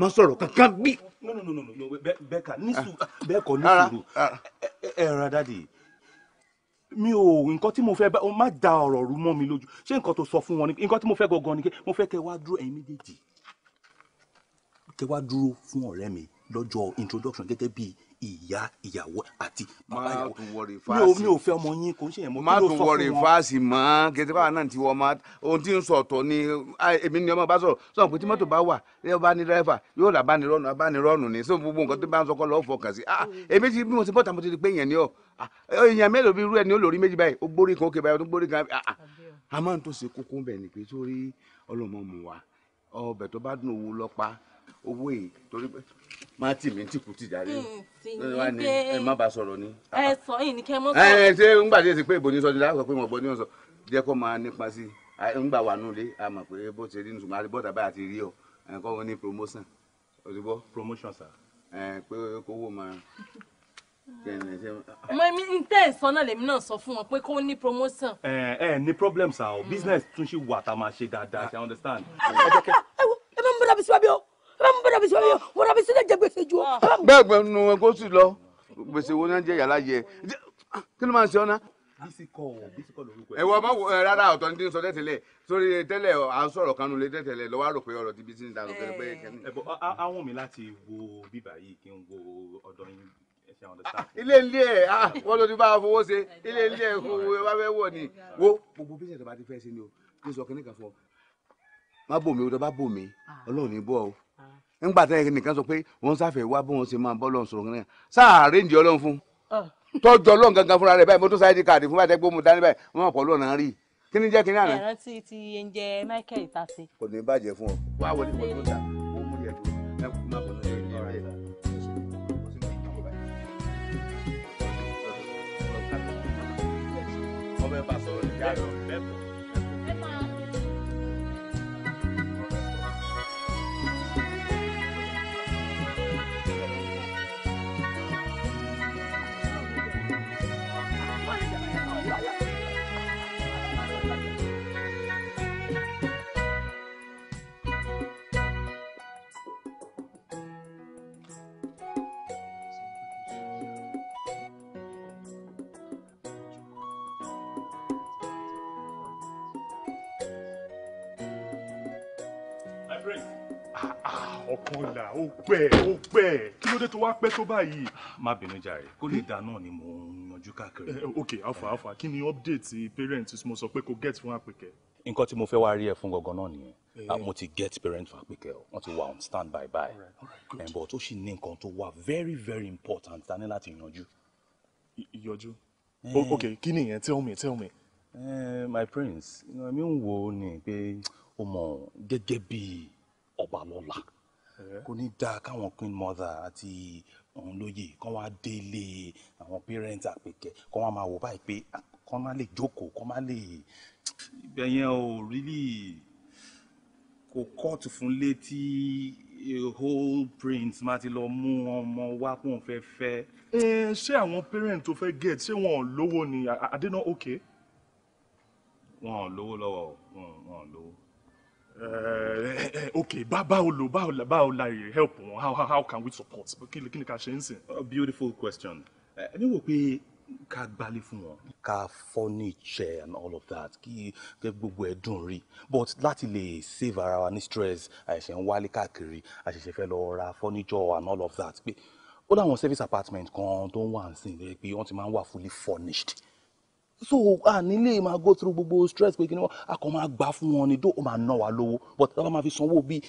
má sọ̀rọ̀ kankan bí. no no no no bẹ́ẹ̀ kà ní sùúrù ah, bẹ́ẹ̀ kọ́ ní sùúrù ẹ ẹ rà dáàdì mi ò nǹkan tí mo fẹ́ bá má da ọ̀rọ̀ rú mọ́ mi lójú ṣé nǹkan tó sọ fún wọn ni nǹkan tí mo fẹ́ gangan ni mo fẹ́ kẹ́ wá dúró ẹ̀yin méjèèjì kẹ́ wá dúró fún ọ̀rẹ́ mi lọ́jọ́ introduction gẹ́gẹ́ bíi ìyá ìyàwó àti bàbá ìyàwó mi ò mi ò fẹ́ ọmọ yín kò ń ṣe yẹn mo kí ló sọ fún wọn. má tún wọrí fáàsì mọ́ kété báwa náà ti wọ ọmọ ohun tí ń sọ ọ̀tọ̀ ni èmi ni ọmọ bá sọ̀rọ̀ sọ̀rọ̀ pé tí mọ́tò bá wà ẹ bá ní dírẹ́fà yóò là bánirọ́ọ̀nù abánirọ́ọ̀nù ni sọ gbogbo nǹkan tó bá ń sọ kọ́ lọ́ọ́ fọkàn sí ah, èmi ti bí mo ti bọ́ta mo ti di pé èèyàn ni ọ ah, èèyàn mélòó bí irú ẹni ó lórí méjì báyìí ó gbórí kan ó ké báyìí ó tún gbórí kan àmọ́ n tó ṣe kókó bẹ̀ ni pé sórí ọlọ́mọ mu wa ọbẹ̀ tó bá dùn owó lọ́pàá owó yìí torí pé má tì mí tì kú tì jáde ẹ má bá sọ̀rọ̀ ni. ẹ sọ yìí ni kẹ mọ sọ. ẹ ṣé ńgbà tí èsì pé ìbò ní sọ ti dáhùn pé mo gbọ́ ní ọ̀sán jẹ́ kó máa nípa sí i ńgbà wà nulẹ̀ a mọ̀ pé bó ṣe rí nùsùn máa rí bọ́tà báyà ti rí ọ ẹ̀kọ́ wọn ní promotion òdìbọ́. promotion sir. ẹ pé kówó máa mo mi n tẹ sọ náà lèmi náà sọ fún wọn pé kó ní promotion. ẹ ẹ ní problem sa o business tún ṣì wà tá a máa ṣe dáadáa ṣe understand. ẹ ẹ ẹ wo ẹ bá ń bọ́dà bí síwájú o bá mi bẹ̀rẹ̀ bí sọ́yọ́ wọ́n rà bí sílẹ̀ jẹ gbèsè ju. Ah. bẹ́ẹ̀ gbẹ nu wọn kó sì lọ gbèsè wo náà jẹ yàrá yẹ kí ló máa ń ṣe ọ́nà. ẹ̀wọ̀ ọmọ rárá ọ̀tọ̀ ní ti ń sọ tẹ́tẹ̀lẹ̀ sórí tẹ́lẹ̀ à ń sọ̀rọ̀ kanu lé tẹ́tẹ̀lẹ̀ lọ́wọ́ àrò pé ọ̀rọ̀ ti bí sí ní ìdáná tẹ́lẹ̀ pé eh. kẹ́ni. ẹ̀bọ̀ àwọn mi láti wo bíbà yìí kí n wo ọ̀dọ̀ yín ilé ilé ẹ ah, wọn ló ti bá fowó ṣe ilé ilé ẹ fún wọn bá fẹ́ wọ ni wo gbogbo bí ìṣẹ̀dọ̀ bá ti fẹ́ ṣe ni o nígbà tí ẹnìkan sọ pé wọ́n sáfẹ́ wá bó wọn ṣe máa bọ́ lọ́n sọ̀rọ̀ náà sáàárẹ̀ ǹjẹ́ ọlọ́run fún tọ́jú ọlọ́run gangan fúnra rẹ̀ báyìí mọ́tò sáyẹ́dì káàdì fún báyìí tẹ́gbó mu dání báyìí wọ́n mọ̀ pọ̀ lọ́nà rí kí ni jẹ́ kí ni àná. ẹ̀rọ ti ti ẹnjẹ Michael ìtàsí. kò ní bàjẹ́ fún ọ wá wọlé mọ́tò tó ta ó mú yẹ tó má bọ̀ lọ́nà ọbẹ̀ bá sọ̀rọ̀ kọkànlá ó pẹ́ ó pẹ́ kí ló dé tó wá pẹ́ tó báyìí. má bínú jàre kó lè dá náà ni mò ń yanjú káàkiri. Eh, ok alfa eh. alfa kí ni update parents mo sọ pé kò get fún àpèkẹ́. nǹkan tí mo fẹ́ wá rí ẹ fún gangan náà nìyẹn eh. ah, mo ti get parents fún àpèkẹ́ o wọ́n ti wà on stand by by ẹ̀bọ̀ tó sì ní nǹkan tó wà very very important ta ní láti yanjú. yanjú ok kí ni ìyẹn tell me tell me. my prince mi ń wo ni pé o mọ̀ gẹ́gẹ́ bí ọba lọ́la kò ní dáa káwọn queen mother àti òun lóye kán wá délé àwọn parent àpèkẹ́ kán wá máa wò báyìí pé ah, kán má lè jókòó kán má lè ibẹ̀ yẹn ò really kò kóòtù fún létí whole print máa ti lọ mú ọmọ wá kó n fẹ́ fẹ́. ẹ ṣé àwọn parent tó fẹ́ get ṣé wọn ò lówó ni adé náà okay. wọn ò lówó lọ́wọ́ wọn ò lówó. Eh, eh, okay báwo lo báwo la báwo la e help wọn how how how can we support kí ni kí ni ká ṣe ń sìn. beautiful question eh, ẹni wò pé ká gbálẹ̀ fún wọn. ká furniture and all of that kí gbogbo ẹ dùn rí but láti lè save ara wa ní stress àìsàn ń wálé káàkiri àṣẹ̀ṣẹ̀ fẹ́ lọ ra furniture and all of that pé ó láwọn service apartment kan tó ń wà ń sìn lóye pé wọ́n ti máa ń wà fully furnished so a nílé máa go through gbogbo stress pé kí ni wọn a kàn máa gbà fún wọn ni dó o máa ná wa lówó but tá a bá máa fi sanwó bíi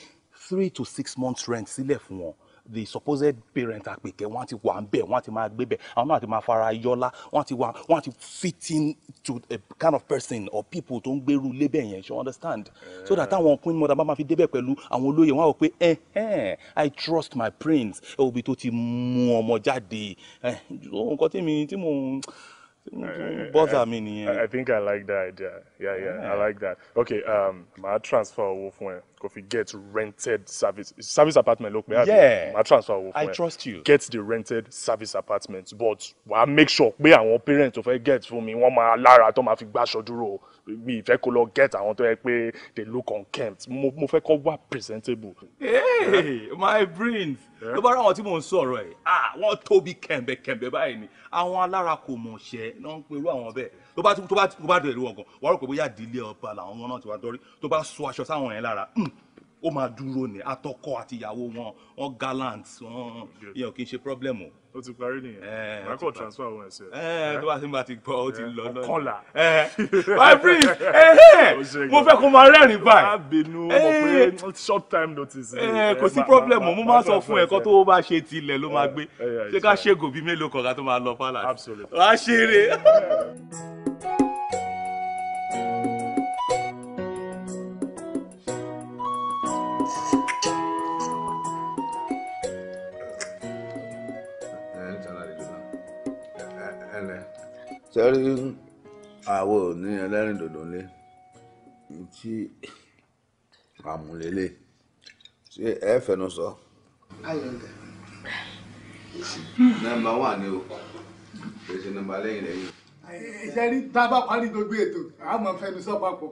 three to six months rent sílẹ̀ fún wọn the supposed parent àpèkẹ́ wọ́n ti wà ń bẹ̀ wọ́n ti máa gbé bẹ̀ àwọn náà ti máa fara yọlá wọ́n ti wà wọ́n ti fit in to a kind of person or people tó ń gbèrú lébẹ̀ yẹn you understand so that eh. àwọn queen mother bá máa fi débẹ̀ pẹ̀lú àwọn olóyè wọn á wò pé eh eh i trust my prince ẹ òbí tó ti mú ọmọ jáde ẹ nǹkan tí mi tí mò bother me nìyẹn. I think I like that idea yeah yeah, yeah. I like that okay um, my transfer wolf fún kò fi get rented service service apartment look pe yeah. ma transfer owó fún I trust you get the rented service apartment but I make sure pé àwọn parents tó fẹ́ get fún mi wọ́n máa lára tó máa fi gbàṣọ dúró mi ìfẹ́ kó lọ get àwọn tó yẹ pé they look unkempt mo mo fẹ́ kó wà presentable. Hey, my brains ló bá ráwọn tí mò ń sọ̀rọ̀ ẹ̀ ah, wọ́n tóbi kẹ̀m̀bẹ̀kẹ̀m̀bẹ̀ báyìí ni àwọn alára kò mọ̀ ṣẹ́ náà ń perú àwọn bẹ́ẹ̀ tó bá tó bá tó bá dẹ̀rù ọ̀gàn wàá rò pé bóyá ìdílé ọba làwọn náà ti wá dọ́rí tó bá sọ aṣọ sáwọn yẹn lára hmm, ó máa dúró ní atọ́kọ àti ìyàwó wọn wọn gallant wọn yẹn ò kí n ṣe problem o. ó ti parí nìyẹn eh, akọ transfer àwọn ẹsẹ. ẹ eh, tó bá ti máa ti gbọ́ ó ti eh, lọ náà. ọkọlà. my prince mo fẹ́ kó máa rẹ́rìn báyìí. má bínú mo pé short time notice. kò sí problem o mo máa sọ fún ẹ kó tó bá ṣe tilẹ̀ ló máa gbé ṣé ká ṣe gòbí mélòó kan ká tó máa lọ palace. wàá ṣeré. sẹ́rí àwọ̀ ní ẹlẹ́rìndòdò ńlẹ̀ tí àmúlélẹ̀ ṣé ẹ fẹnu sọ. nọ́mbà wà ní o kì í ṣe nọ́mbà lẹ́yìn lẹ́yìn ìṣẹ́rí tá a bá parí gbogbo ètò a máa fẹnu sọ papọ̀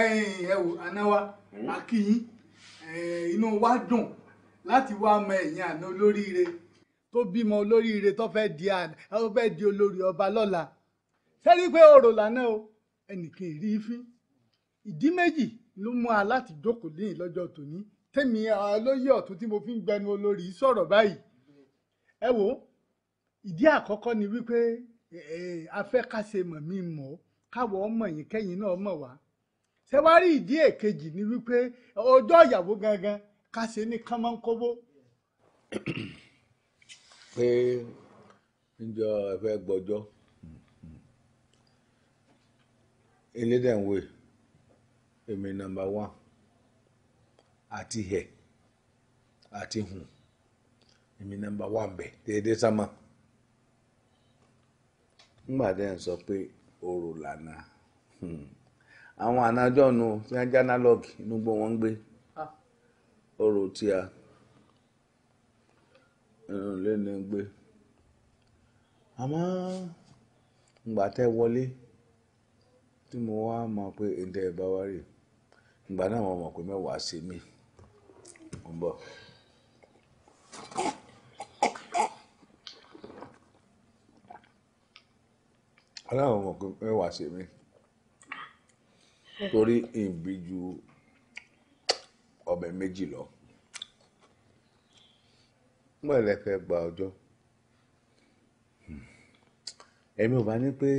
ẹ̀yin ẹ wò anáwa akíyín inú wa dùn láti wá mọ ẹ̀yin àná olóríire tó bímọ olóríire tó fẹ́ di tó fẹ́ di olórí ọba lọ́la sẹ́rí pé orò lànà o ẹnìkan ìrí fín ìdí méjì ló mú a láti jókòó lẹ́yìn lọ́jọ́ tòní tèmi olóyè ọ̀tún tí mo fi ń gbẹnu olórí sọ̀rọ̀ báyìí ẹ wò ìdí àkọ́kọ́ ni wípé a fẹ́ ká ṣe mọ̀ mí mọ̀ káwọ̀ ọmọ yìí kẹ́yìn náà mọ̀ wá ṣé wàá rí ìdí èkejì ni wípé ọjọ́ ìyàwó gangan ká ní kánmọ́nkóbó pé níjọ ẹ̀fẹ́ gbọ́jọ́ elédèǹwé èmi nàmbà wán àti ati àti hùn èmi nàmbà wán bẹ̀ déédéé sámà nígbà tí ń sọ pé òrò lànà hmm. àwọn ànájọ́ nu tí wọ́n jẹ́ inú wọn gbé ah. tí a. inú ilé ni ń gbé àmọ́ ìgbà tẹ́ wọlé tí mo wá mọ̀ pé èdè ẹ̀ bá wá rè ìgbà náà mo mọ̀ pé mẹ́wàá ṣe mí ń bọ̀. aláwọ̀ mọ̀ pé mẹ́wàá ṣe mí torí ìbí ju ọbẹ̀ méjì lọ mo lè fẹ́ gba ọjọ́ èmi ò bá ní pé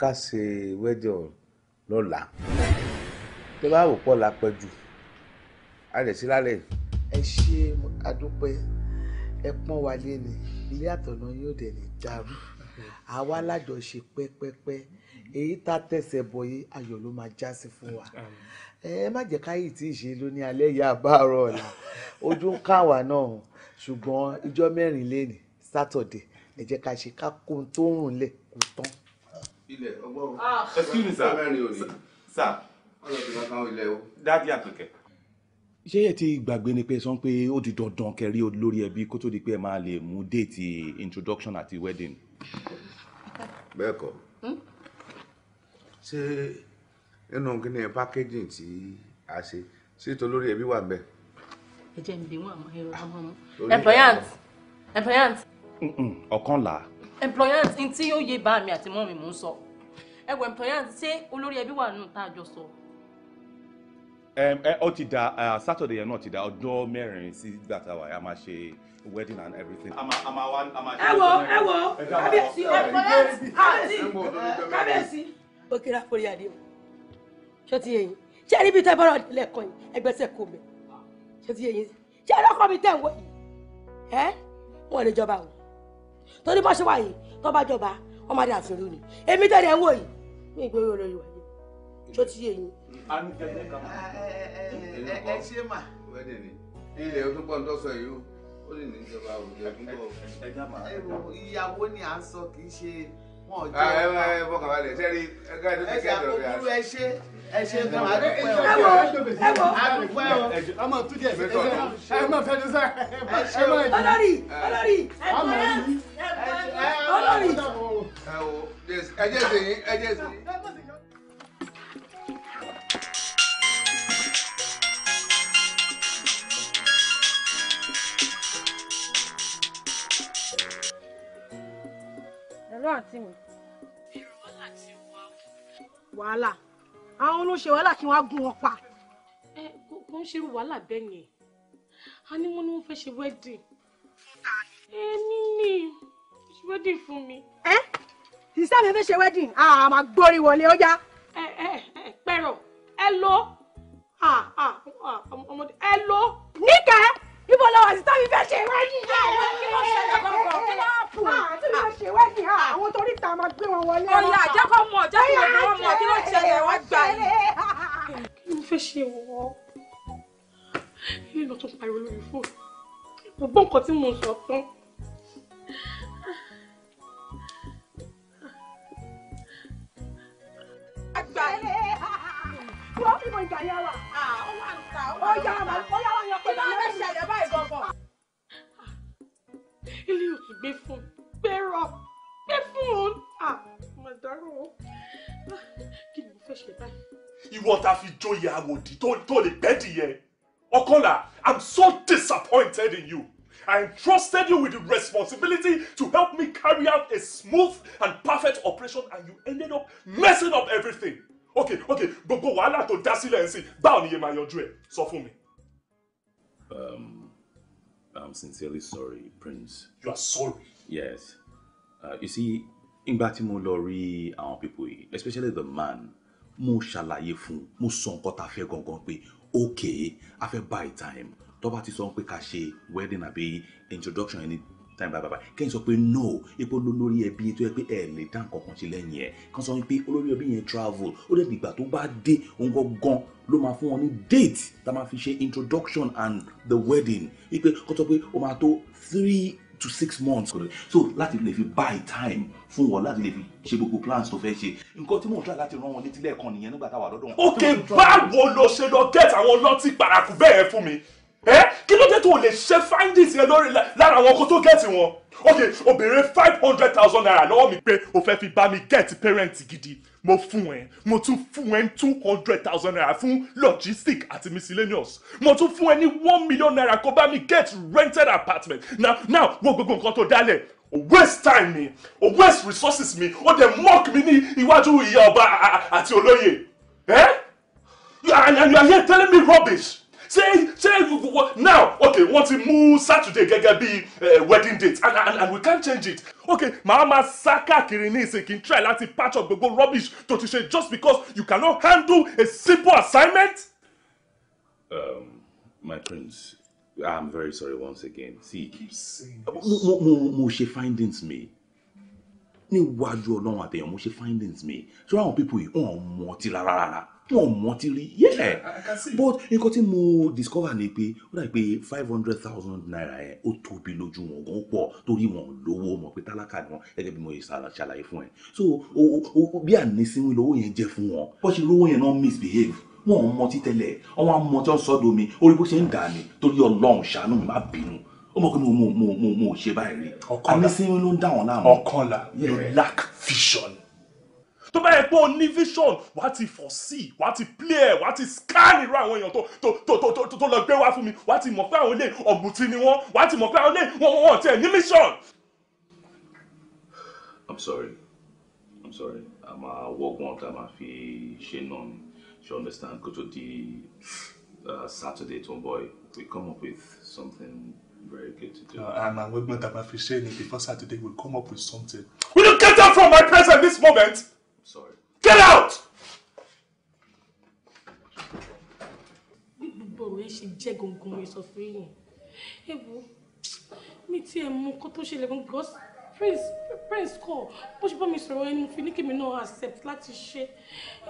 ká ṣe wẹ́dẹ̀ lọ́la tó bá wò pọ̀ la pẹ́ jù a lè sí lálẹ́ ẹ ṣe àdúpẹ́ ẹ pọ́n wa lé ilé àtọ̀nà yóò dẹ̀ ní dàrú àwa lájọṣe pẹ́pẹ́pẹ́ èyí tá tẹsẹ̀ bọ̀ yìí ayọ̀ ló máa já sí fún wa ẹ má jẹ́ káyì tí ì ṣe lóní alẹ́ ìyá àbárọ̀ ọ̀la ojú ń kà wá náà ṣùgbọ́n ìjọ́ mẹ́rin lẹ́nì sátọ̀dẹ̀ ẹ jẹ́ ká ṣe ká kó ohun tó rùn lẹ̀ kó tán. ilẹ̀ ọgbọ́n ah. excuse me sir mẹ́rin òní sir ọlọ́dún bá kan ilẹ̀ o dáàbì àpèkẹ́. ṣé ẹ ti gbàgbé ni pé sọ pé ó di dandan kẹrí olórí ẹbí kó tó di pé ẹ máa lè mú déètì introduction àti wedding. bẹ́ẹ̀ kọ́. Hmm? ṣé nínú kí ni packaging tí a ṣe ṣé tolórí ẹbí wà bẹ́ẹ̀. ẹ jẹ́ ń bí wọn àwọn ẹ̀rọ ọmọ mu. employant employant. ọ̀kànlá. employant n tí yóò yé bá mi àti mọ́ mi mò ń sọ ẹ wọ employant ṣé olórí ẹbí wà nù tá a jọ sọ. ó ti da Saturday yẹn náà ti da ọdún mẹ́rin sí gbàtàwá a máa ṣe wedding and everything. a ama wa ama. Ẹ wo ẹ wo kábíyèsí o kábíyèsí kábíyèsí ó kíra forí adé o ṣé ti yẹ yín ṣé ẹni bíi tẹ bọ́rọ̀ lẹ́ẹ̀kan yìí ẹgbẹ́sẹ̀ kò mẹ́ ṣé ti yẹ yín ṣé ẹni ọkọ mi tẹ̀ ń wọ yìí ẹ́ wọn lè jọba o torí bọ́ ṣe wà yìí tó bá jọba wọn máa dé àtúnrú ni èmi tẹ̀ ẹ̀ ń wọ yìí mi ìgbé orí olórí wà yìí ṣé ti yẹ yín. ẹ ṣe mà ilẹ̀ ọdún pọ̀ ń tọ́sọ yìí o ó lè ní ìjọba òjò ẹ̀dúgbò. ìyàwó ni à ń sọ kì í ṣe wọn jẹ́ ah, ẹ ẹ bọ́kà balẹ̀ sẹ́ni ẹ ká ẹ̀dọ́ ti kẹ́ ẹ̀dọ́ rẹ̀ àti. ẹ ṣe ẹ ṣe gan adé pẹ́ o. ẹ wọ ẹ wọ adúpẹ́ o. ọmọ tún díẹ̀ sí ẹ ẹ má fẹ́ ní sá ẹ ṣe má yìí. olórí olórí ẹ kọ́ ẹ olórí. ẹ wo ẹ jẹ́ sèyí ẹ jẹ́ sèyí. wàhálà àwọn ló ṣe wàhálà kí wọ́n á gún wọn pa. ẹ kò ń ṣerú wàhálà bẹ́ẹ̀ yẹn a ní mo ní wọ́n fẹ́ ṣe wedding. èmi ni ṣe wedding fún mi. ẹ ìṣe mi fẹ́ ṣe wedding a máa gbórí wọlé ó yá. ẹ ẹ ẹ pẹ̀rọ ẹ lọ ọmọdé ẹ lọ. níkẹ́ ibo lọ wà sísá mi fẹ́ ṣe ìwádìí yá ẹ kí ló ṣe ẹ kọkọ kí ló pù ah, tí mo ṣe ìwádìí ha ah, àwọn torí ta máa gbé wọn wọlé. ọ̀yà jẹ́ kó mọ̀ jẹ́ kó kí ló ṣe ẹ wá gbà yìí. kí ló fẹ́ ṣe wọ́ ìlọ tó pariwo lórí fóònù mo gbọ́ nǹkan tí mo sọ fún. àgbà yìí kí wọ́n fìbọn ìjà yẹn wà. ó wà ń ta ó wà ń ta ó yà wà ó yà wà yàn pẹ̀lú ẹ̀rọ i'm so disappointed in you. I entrusted you with the responsibility to help me carry out a smooth and perfect operation and you ended up messing up everything ok ok gbogbo wàhálà tó dá sílẹ̀ ń báwo ni yẹn máa yanjú ẹ̀ sọ fún mi. Um, I'm sincerely sorry, Prince. You are sorry? Yes. Uh, you see, ìgbà tí mo lọ rí àwọn people yìí, especially the man, mo ṣàlàyé fún, mo sọ nǹkan tá a fẹ́ gangan pé okay, a fẹ́ buy time. Tó bá ti sọ pé ká ṣe wedding àbí introduction ẹni tàbí bàbá kẹ́yìn sọ pé no ipò lórí ẹbí tó yẹ pé ẹ lè dá nǹkan kan sí lẹ́yìn ẹ̀ kan sọ pé olórí ẹbí yẹn travel ó dẹ̀ dìgbà tó bá dé òun gangan ló máa fún wọn ní date tá a máa fi ṣe introduction and the wedding wípé kó sọ pé ó máa tó three to six months so láti lè fi buy time fún wọn láti lè fi ṣe gbogbo plans tó fẹ́ ṣe nǹkan tí mò ń try láti rán wọn létí lẹ́ẹ̀kan nìyẹn nígbà táwa lọ́dọ̀ wọn. òkè báwo lo ṣe lọ get àwọn ọlọ́tí paraku bẹ́ẹ̀ fún mi ẹ́ eh? kí ló dé tó lè ṣe findings yẹn lórí lára àwọn ọkọ tó gẹ̀ẹ́tì wọn ok o béèrè five hundred thousand naira lọ́wọ́ mi pé o fẹ́ fi bá mi gẹ̀ẹ́tì parent gidi mo fún ẹ mo tún fún ẹ two hundred thousand naira fún logistic àti miscellaneous mo tún fún ẹ ní one million naira kó bá mi get rented apartment now now wo gbogbo nǹkan tó dálẹ̀ o waste time mi o waste resources mi o dey mock mi ní iwájú ìyá ọba àti olóyè eh? and you are here telling me rubbish ṣé ṣé now okay wọ́n ti mú Saturday gẹ́gẹ́ bí uh, wedding date and, and and we can't change it okay màá máa sá káàkiri ní ìsìn try láti patch up gbogbo rubbish tó ti ṣe just because you cannot handle a simple assignment. Um, my prince I'm very sorry once again see mo mo mo ṣe findings mi níwájú ọlọ́run àtẹ̀yàn mo ṣe findings mi ṣé àwọn pípọ̀ yìí wọ́n mọ̀ ọtí rárá rárá pọ̀ mọ́ ti rí yeah but nǹkan tí mo discover ni pé ó dà pé five hundred thousand naira yẹn ó tóbi lójú wọn gan pọ̀ torí wọn lówó mọ̀ pé tálákà ni wọn gẹ́gẹ́ bí mo ṣàlàyé fún ẹ so o bí ànísínwó lówó yẹn jẹ́ fún wọn bó ṣe lówó yẹn náà misbehave wọn ò mọtí tẹ́lẹ̀ ọwọ́ amọtí ọ̀sọ́dọ̀ mi orí bó ṣe ń dà mí torí ọlọ́run ṣàánú mi má bínú ó mọ̀ pé mo mo mo mo ṣe báyìí rí ànísínwó ló ń dà wọ́n láàmú ọkànlá you lack vision tó bá yẹ pé o ní vision wà á ti foresee wà á ti play wà á ti scan irú àwọn èèyàn tó tó tó tó tó lọ gbé wá fún mi wà á ti mọ̀ pé àwọn ilé ọ̀bùtì ni wọ́n wà á ti mọ̀ pé àwọn ilé wọn wọn tiẹ̀ ní mission. I'm sorry I'm sorry a máa wọ́gbọ́n tá a máa fi ṣe náà ni ṣe understand kó tó di uh, Saturday tó ń bọ̀ we come up with something very good to do. Uh, my webmaster, before Saturday, will come up with something. Will you get out from my presence this moment? sorry. Get out! Bí gbogbo ọ̀rọ̀ yẹn ṣe jẹ́ gangan rẹ̀ sọ fún yín. Ewu, mi ti ẹ̀ mú kó tó ṣẹlẹ̀ gan because Prince Prince kọ̀ bó ṣe bá mi sọ̀rọ̀ ẹni mo fi ní kèmí náà accept láti ṣe.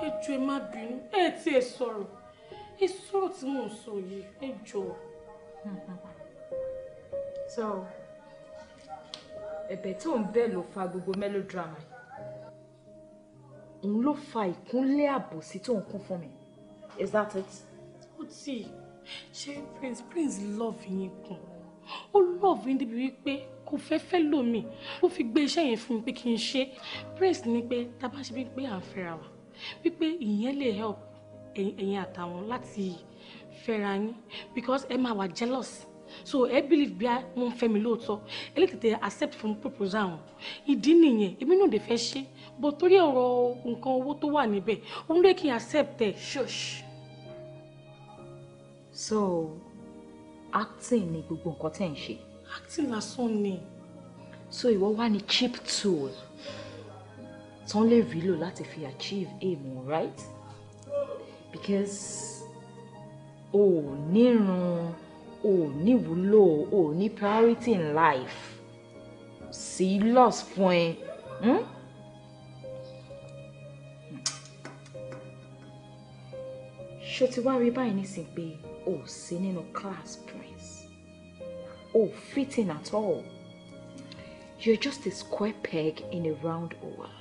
Ẹ jọ̀ọ́ ẹ má bínú, ẹ ti ẹ̀ sọ̀rọ̀. Ẹ sọ̀rọ̀ tí mò ń sọ yìí, ẹ jọ̀ọ́. So, ẹ̀bẹ̀ tó ń bẹ̀ ló fa gbogbo melodrama yìí òun ló fa ìkúnlẹ̀ àbòsí tó ń kún fún mi is that it. ó tì í ṣé prince prince love yín kan ó love yín débi wípé kò fẹ́ fẹ́ lómi ó fi gbé iṣẹ́ yẹn fún mi pé kí n ṣe prince ní pé tá a bá ṣe bí pé à ń fẹ́ra wa wípé ìyẹn lè help ẹ̀yin àtàwọn láti fẹ́ra yín because ẹ máa wà jealous so ẹ believe bí wọn fẹ́ mi lóòótọ́ ẹ lè tètè accept fún proposal wọn ìdí nìyẹn èmi náà dé fẹ́ ṣe é but torí ọ̀rọ̀ nǹkan owó tó wà níbẹ̀ òun lè kí n accept ẹ̀. shush. so acting ni gbogbo nǹkan tẹ̀ ń ṣe. acting lásán ni. so ìwọ wá ní cheap tool tán lè rí lò láti fi achieve aim right because o ò nírun o ò níwúlò o ò ní priority in life sí loss fún ẹ. Hmm? ṣó ti wá rí báyìí nísìn pé ò sí nínú class prince ò fitting at all you're just a square peg in a round hole.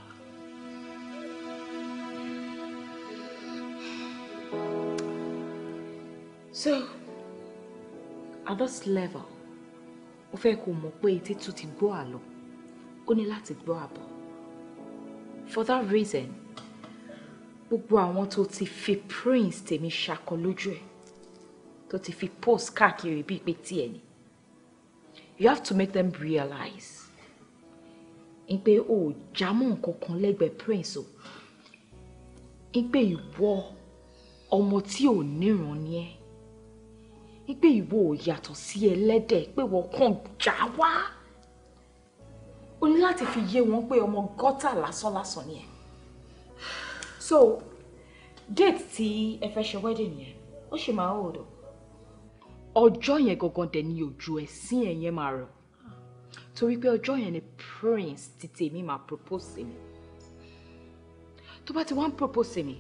so at this level ó fẹ́ kó mọ̀ pé etí tún ti gbọ́ àlọ́ ó ní láti gbọ́ àbọ̀ for that reason gbogbo àwọn tó ti fi prince tèmi ṣakọ lójú ẹ̀ tó ti fi post káàkiri bíi pé tiẹ̀ ni you have to make them realize n pé o ò jámọ́ nǹkan kan lẹ́gbẹ̀ẹ́ prince o n pé ìwọ ọmọ tí ò níran ni ẹ́ n pé ìwọ ò yàtọ̀ sí ẹlẹ́dẹ̀ pé wọ́n kàn já wá o ní láti fi yé wọn pé ọmọ gọ́tà lásán lásán ni ẹ so date tí ẹ fẹ́ ṣe wedding yẹn ó ṣì máa hold o. ọjọ́ yẹn gangan dẹ̀ ni ojú ẹ̀sìn ẹ̀ máa rọ̀ torí pé ọjọ́ yẹn ni prince ti tèmi máa propose sí mi tó bá ti wá ń propose sí mi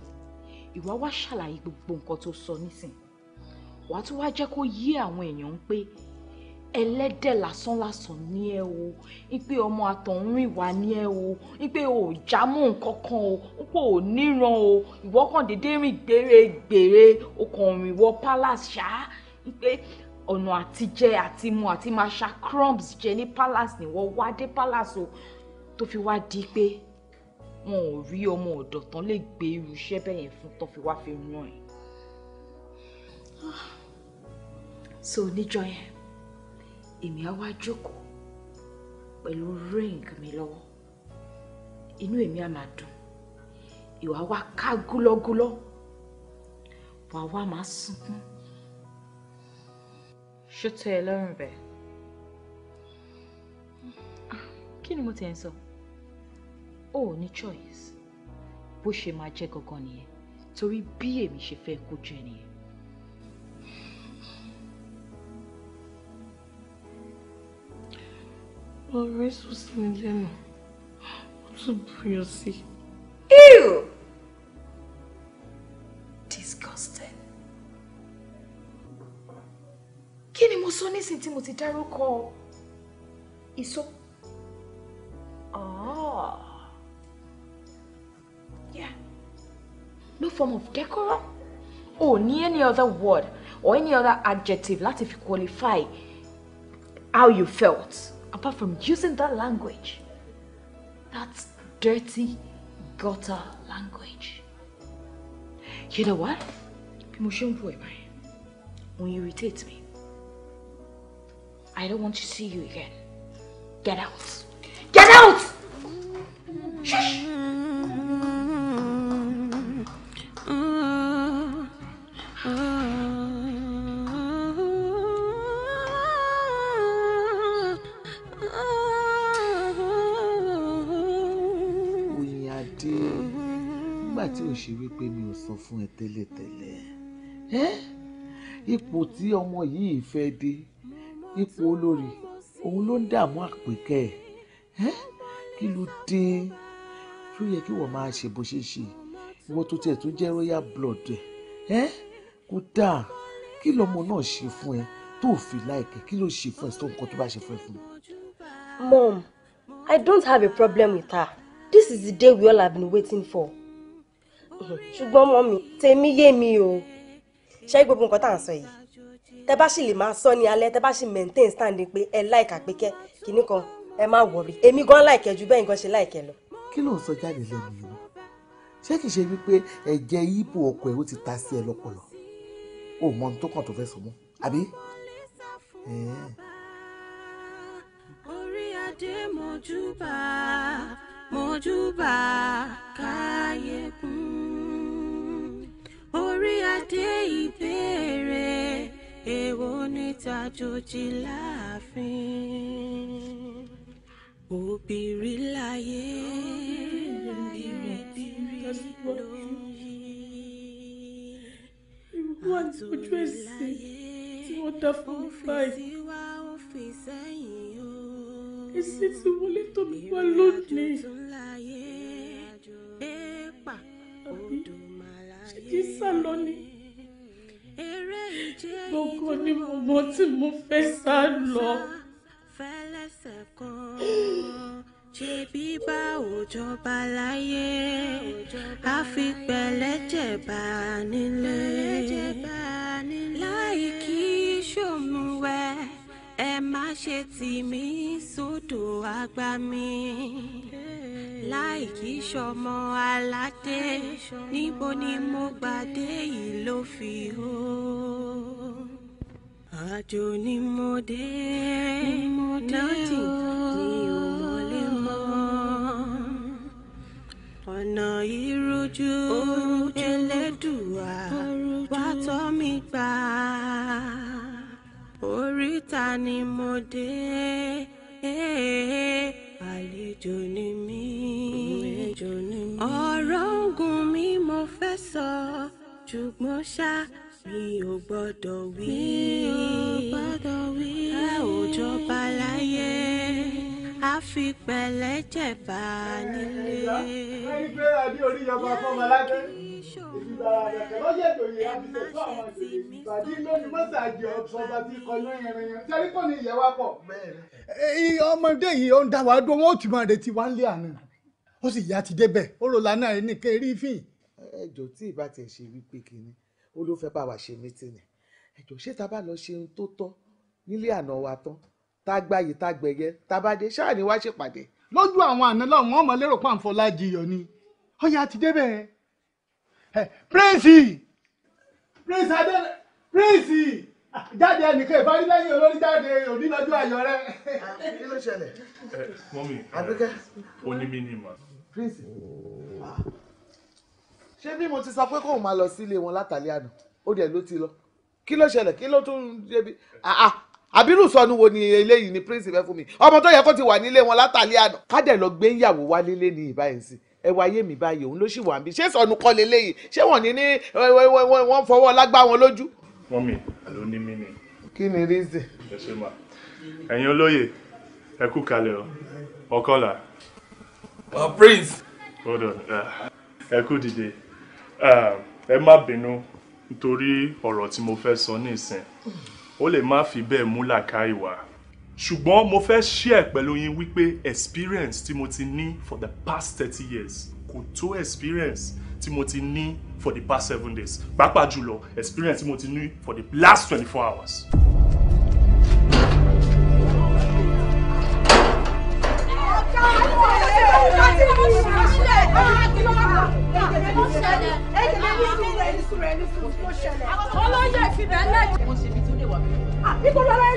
ìwà wá ṣàlàyé gbogbo nǹkan tó sọ nísìn wàá tún wá jẹ́ kó yé àwọn èèyàn pé ẹlẹ́dẹ̀ lásán lásán ní ẹ o ipe ọmọ àtọ̀húnrìn wà ní ẹ o ipe ò já mọ́ nǹkan kan o púpọ̀ ò níran o ìwọ kàn déédéé rìn gbèrègbèrè o kàn rìn wọ palace ṣá ipe ọ̀nà àtijẹ àti mu àti máa ṣa crumbs jẹ ní palace nìwọ wá dé palace o tó fi wá di pé wọn ò rí ọmọ ọ̀dọ̀ tán lè gbé irú iṣẹ́ bẹ́ẹ̀ yẹn fún tán fi wá fi ràn ẹ́ ah. so níjọ́ yẹn èmi á wá jókòó pẹ̀lú ring mi lọ́wọ́ inú èmi á máa dùn ìwà wa ká gúlọ́gúlọ́ wàá wá máa sunkún. ṣó tẹ́ ẹ lọ́rùn bẹ́ẹ̀ kí ni mo ti ń sọ o ò ní choice bó ṣe máa jẹ́ gangan nìyẹn torí bí èmi ṣe fẹ́ kó jẹ́ nìyẹn. ọ̀rọ̀ èso sí mi lẹ́nu ó tún buyọ̀ sí. ew disgusting kí ni mo sọ nísìnyí tí mo ti dárúkọ èso. Oh. Ah. Yeah. No form of decorum oh, ní any other word or any other adjective if you qualify how you felt apart from using that language, that dirty gutter language. You know what? Emotion When you irritate me, I don't want to see you again. Get out. Get out! Shush! fún ẹ tẹ́lẹ̀tẹ́lẹ̀ ẹ́ ipò tí ọmọ yìí fẹ́ dé ipò olórí òun ló ń dààmú àpèkẹ́ ẹ́ kí ló dé tó yẹ kí wọ́n máa ṣe bó ṣe ṣe ìwọ́n tó tiẹ̀ tó jẹ́ royal blood ẹ̀ kó dáa kí lọmọ náà ṣe fún ẹ tó fi láìkẹ kí ló ṣe fún ẹ tó nǹkan tó bá ṣe fún ẹ fún mi. Mom, I don't have a problem with her. This is the day we all have been waiting for ṣùgbọ́n mọ́ mi tèmi yé mi o ṣé gbogbo nǹkan tá à ń sọ yìí tẹ bá sì lè máa sọ ní alẹ́ tẹ bá sì maintain standing pé ẹ láìka pé kẹ kíní kan ẹ má wọrí èmi gan láìkẹ ju bẹ́ẹ̀ nǹkan ṣe láìkẹ lọ. kí ló ń sọ jáde lẹ́nu yìí ṣé kìí ṣe wípé ẹ̀jẹ̀ ibo ọkọ ẹ̀ ó ti ta sí ẹ lọ́pọlọ o mọ ohun tó kàn tó fẹ́ sọ mọ́ àbí. orí adé mojúbà mojúbà káyé kún adé ìbéèrè èwo ni tàjòjì láàfin òbírí láyé bíríbírí ló ń yí àtòrí láyé òfìsí wá òfìsẹ́yìn o èsì tí wọlé tó bí wá lónìí. jí sá lọ ni gbogbo ni mo mọ tí mo fẹ́ sá lọ. ṣebí bá òjọba láyé a fi pẹ̀lẹ́jẹ̀ bá nílé láì kí ṣòmùwẹ̀ ẹ má ṣe tì mí sódò àgbà mi láì kí sọmọ aládé níbo ni mo gbàdé yìí ló fi hó. àjò ni mo dé nọ́tì ni ò mọ̀lé mọ́ ọ̀nà ìrújú elédùà wàá tọ́ mi gbà oríta ni mo dé àlejò ni mí ọ̀rọ̀ ogun mi mo fẹ́ sọ ṣùgbọ́n ṣá mi ò gbọ́dọ̀ wí mi ò gbọ́dọ̀ wí ẹ ò jọba láyé a fi pẹ̀lẹ́ jẹ̀bà nílé. wọ́n gbé adé ọmọdé yìí ó ń dá wa dúró wọn ò tì máa retí wa ń àná ó sì yá ti débẹ̀ ó rò lánàá ẹni kan rí fín. ẹjọ tí ìbá tiẹ̀ ṣe wípé kínní ó ló fẹ́ bá wa ṣe mítìnì ẹjọ ṣé ta bá lọ ṣe ohun tó tọ́ nílé àná wa tán tá a gbayì tá a gbẹ̀yẹ tá a bá dé ṣáà ni wá ṣèpàdé lójú àwọn àná lọ́wọ́ wọn mọ̀ lérò pàǹfọ̀lá jiyọ̀ ni ọyà ti débẹ̀ ẹ pírẹ́sì pírẹ́sì adé pírẹ́sì jáde ẹnìkan ìbárí lẹ́yìn olórí jáde òní lọ́jọ́ ayọ̀ rẹ. kí ló ṣẹlẹ̀. ẹ mọ́mí Àbíkẹ́ ó ní mí ní ìmọ̀. ṣé bí mo ti sọ pé kóun máa lọ sílé wọn látàlí àná ó dẹ̀ ló ti lọ kí ló ṣẹlẹ̀ kí ló tún débi àbírù sọnù wo ni eléyìí ni prince fẹ́ fún mi ọmọ tó yẹ kó ti wà nílé wọn látàlẹ́ àná kádẹ̀ lọ gbé ìyàwó wálé lé ní ìbáyìí sí ẹ wá ayé mi báyìí òun ló sì wà níbi ṣé sọnù kọ́ leléyìí ṣé wọ́n ní ní wọ́n fọwọ́ lágbá wọn lójú. mọ́mì àló ní mí ni. kí ni reason. ẹ ṣe mà ẹ̀yin olóye ẹ kú kalẹ̀ o ọkọlà. ọ uh, prince. hold on uh, ẹ kú dìde uh, ẹ má bínú nítorí ọ̀rọ̀ tí mo fẹ́ sọ ní ìsìn ó lè má fi bẹ́ẹ̀ mú làákàyè ṣùgbọ́n mo fẹ́ share pẹ̀lú yín wípé experience tí mo ti ní for the past thirty years kò tó experience tí mo ti ní for the past seven days pàápàá jùlọ experience tí mo ti ní for the last twenty four hours. olóyè ìfibẹ̀ lẹ́jẹ̀.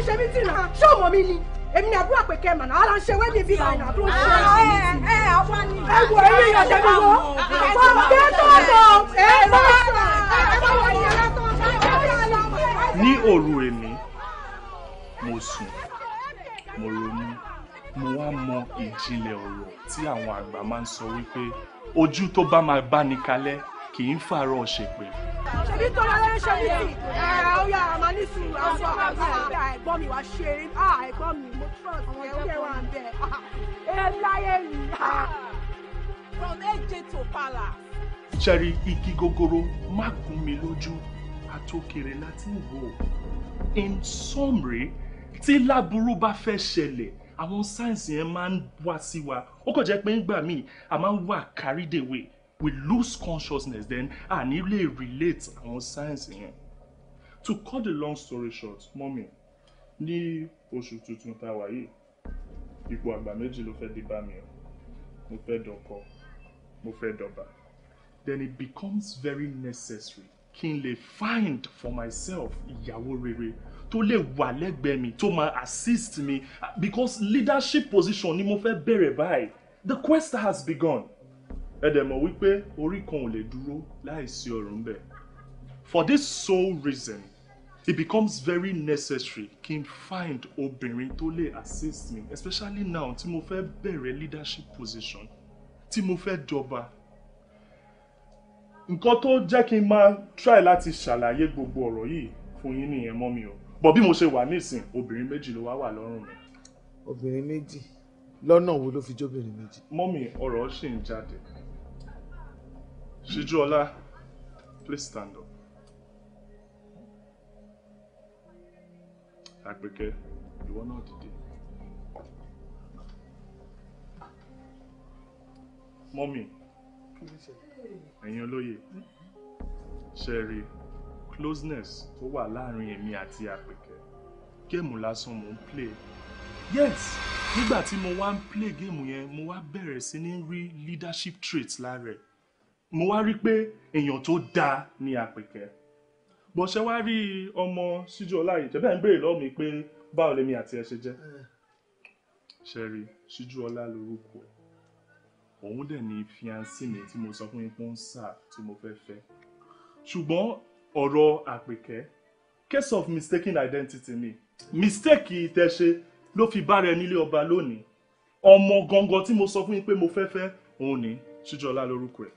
ṣe mí tìǹà ṣé ọmọ mi ni èmi ni àbúrò àpèkẹ́ mà náà ọlọ́run ṣe wẹ́ẹ̀dì bí báyìí àbúrò ṣe é. ẹ ẹ àwọn ni. ẹ wọ eré ìyàjẹ mi wọ. bàbá tó tọ̀ ẹ bá tọ̀ ẹ bá wọ ìyàrá tó tọ̀. ní òru èmi mo sùn mo ronú mo wá mọ ìjìnlẹ̀ ọ̀rọ̀ tí àwọn àgbà máa ń sọ wípé ojú tó bá máa bá ní kalẹ̀ kì í fàárọ̀ ṣèpè. ṣèbí tó lọ lẹ́rìn ṣe mí tì ọ̀yà àmà nísìn àwọn àgbà ẹ̀gbọ́n mi wá ṣe eré ẹ̀gbọ́n mi mo trust ẹ̀ ó ń bẹ̀ ẹ̀ láyé mi. from eje to palace. ṣẹ́rí igi gogoro má gún mi lójú àtòkèrè láti wò in summary tí láburú bá fẹ́ ṣẹlẹ̀ àwọn sáyẹ̀nsì yẹn máa ń wá sí wa ó kàn jẹ́ pé ńgbà míì a máa ń wà carried away we lose consciousness then a ní lè relate àwọn sáyẹ̀nsì yẹn. to cut the long story short mọ́mì ní oṣù tuntun tá a wà yìí ipò àgbà méjì ló fẹ́ dé bá mi o mo fẹ́ dọkọ mo fẹ́ dọba then it becomes very necessary kí n lè find for myself ìyàwó rere tó lè wà lẹ́gbẹ̀ẹ́ mi tó máa assist mi because leadership position ni mo fẹ́ bẹ̀rẹ̀ báyìí the quest has begun ẹ dẹ̀ mọ̀ wípé orí kan ò lè dúró láìsí ọ̀run bẹ̀ for this sole reason it becomes very necessary kí n find obìnrin tó lè assist me especially now tí mo fẹ́ bẹ̀rẹ̀ leadership position tí mo fẹ́ jọba nǹkan tó jẹ́ kí n máa try láti ṣàlàyé gbogbo ọ̀rọ̀ yìí fún yín nìyẹn mọ́ mi o bọ̀ bí mo ṣe wà nísìn obìnrin méjì ló wá wà lọ́rùn mi. obìnrin méjì lọ́nà wo ló fi jóbìnrin méjì. mọ́mì ọ̀rọ̀ ṣì ń jáde ṣíjúọlá please stand up. àpèkẹ́ ìwọ náà dìde. mọ́mì ẹ̀yin olóye ṣe rí i closeness tó wà láàrin èmi àti àpèkẹ́ géèmù lásán mò ń play yes nígbà tí mo wá ń play géèmù yẹn mo wá bẹ̀rẹ̀ sí ní rí leadership traits lára ẹ̀ mo wá rí pé èèyàn tó dáa ni àpèkẹ́ bó ṣe wá rí ọmọ síjú ọláyè tẹ́ bẹ́ẹ̀ ń béèrè lọ́wọ́ mi pé báwo lèmi àti ẹ ṣe jẹ́ ṣe rí síjú ọlá lórúkọ ẹ̀ òun dẹ̀ ni fiancé mi tí mo sọ fún yín pé ó ń sà tí mo fẹ́ fẹ́ ṣùgbọ́n ọ̀rọ̀ àpèkẹ́ case of mistaken identity ni mistake ìtẹ̀ṣe ló fi bára ẹ nílé ọba lónìí ọmọ gangan tí mo sọ fún yín pé mo fẹ́ fẹ́ òun ni ṣíjọlá lórúkọ ẹ̀.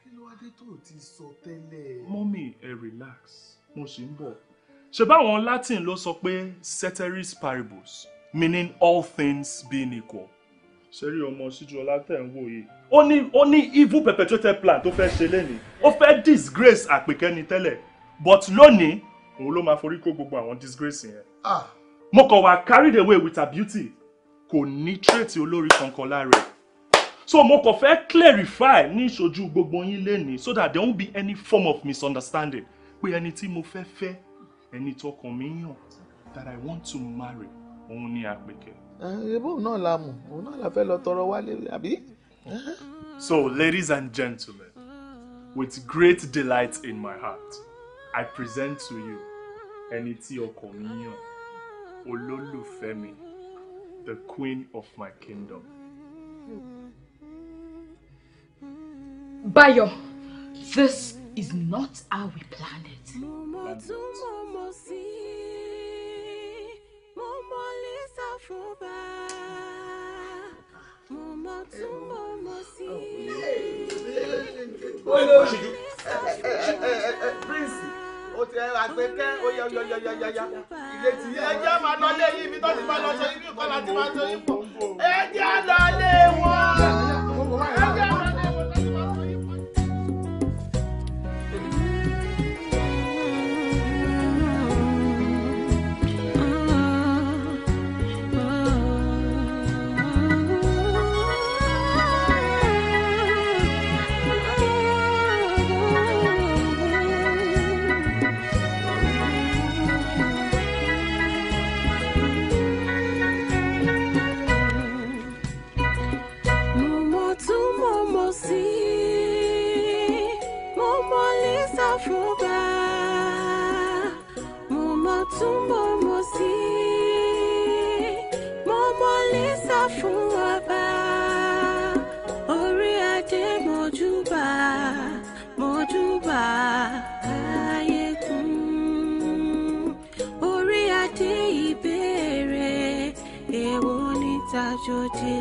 kí ló wá dé tó ti sọ tẹ́lẹ̀. mọ́mì ẹ relax mo sì ń bọ̀ ṣe báwọn latin ló sọ pé ceteris paribus meaning all things being equal sẹ́rí ọmọ Síjúọlá tẹ̀ ń wò yìí. ó ní ó ní evil perpetrated plan tó fẹ́ẹ́ ṣe lénìí ó fẹ́ẹ́ disgrace àpèkẹ́ni tẹ́lẹ̀ but lónìí òun ló máa forí kó gbogbo àwọn disgrace yẹn. Ah. mo kàn wá carried away with her beauty kò ní tírètì olórí kankan lára so mo kàn fẹ́ clarify ní ìṣojú gbogbo yín lénìí so that there won't be any form of misunderstanding pé ẹni tí mo fẹ́ fẹ́ ẹni tọkàn mi yàn that I want to marry òun ni àpèkẹ́ ebóun náà la mọ̀ òun náà la fẹ́ lọ tọrọ wálé àbí. So, ladies and gentlemen, with great delight in my heart, I present to you ẹni tí ọkọ mi yàn, olólùfẹ́ mi, the queen of my kingdom. Bayo, this is not how we planned it. ṣọ́ba mo mọ tún mọ mọ sí i. Oh, prince o ti ẹ̀rọ àgbẹ̀kẹ́ oyè ọ̀yọ̀yọ̀yọ̀yọ̀yà ìrètí ẹ jẹ́ máa lọ lé yìí ibi tó ti bá lọ sọ ibi ìkọlà ti máa sọ yìí pọ̀ ẹ jẹ́ lọ lé wọn. जो जे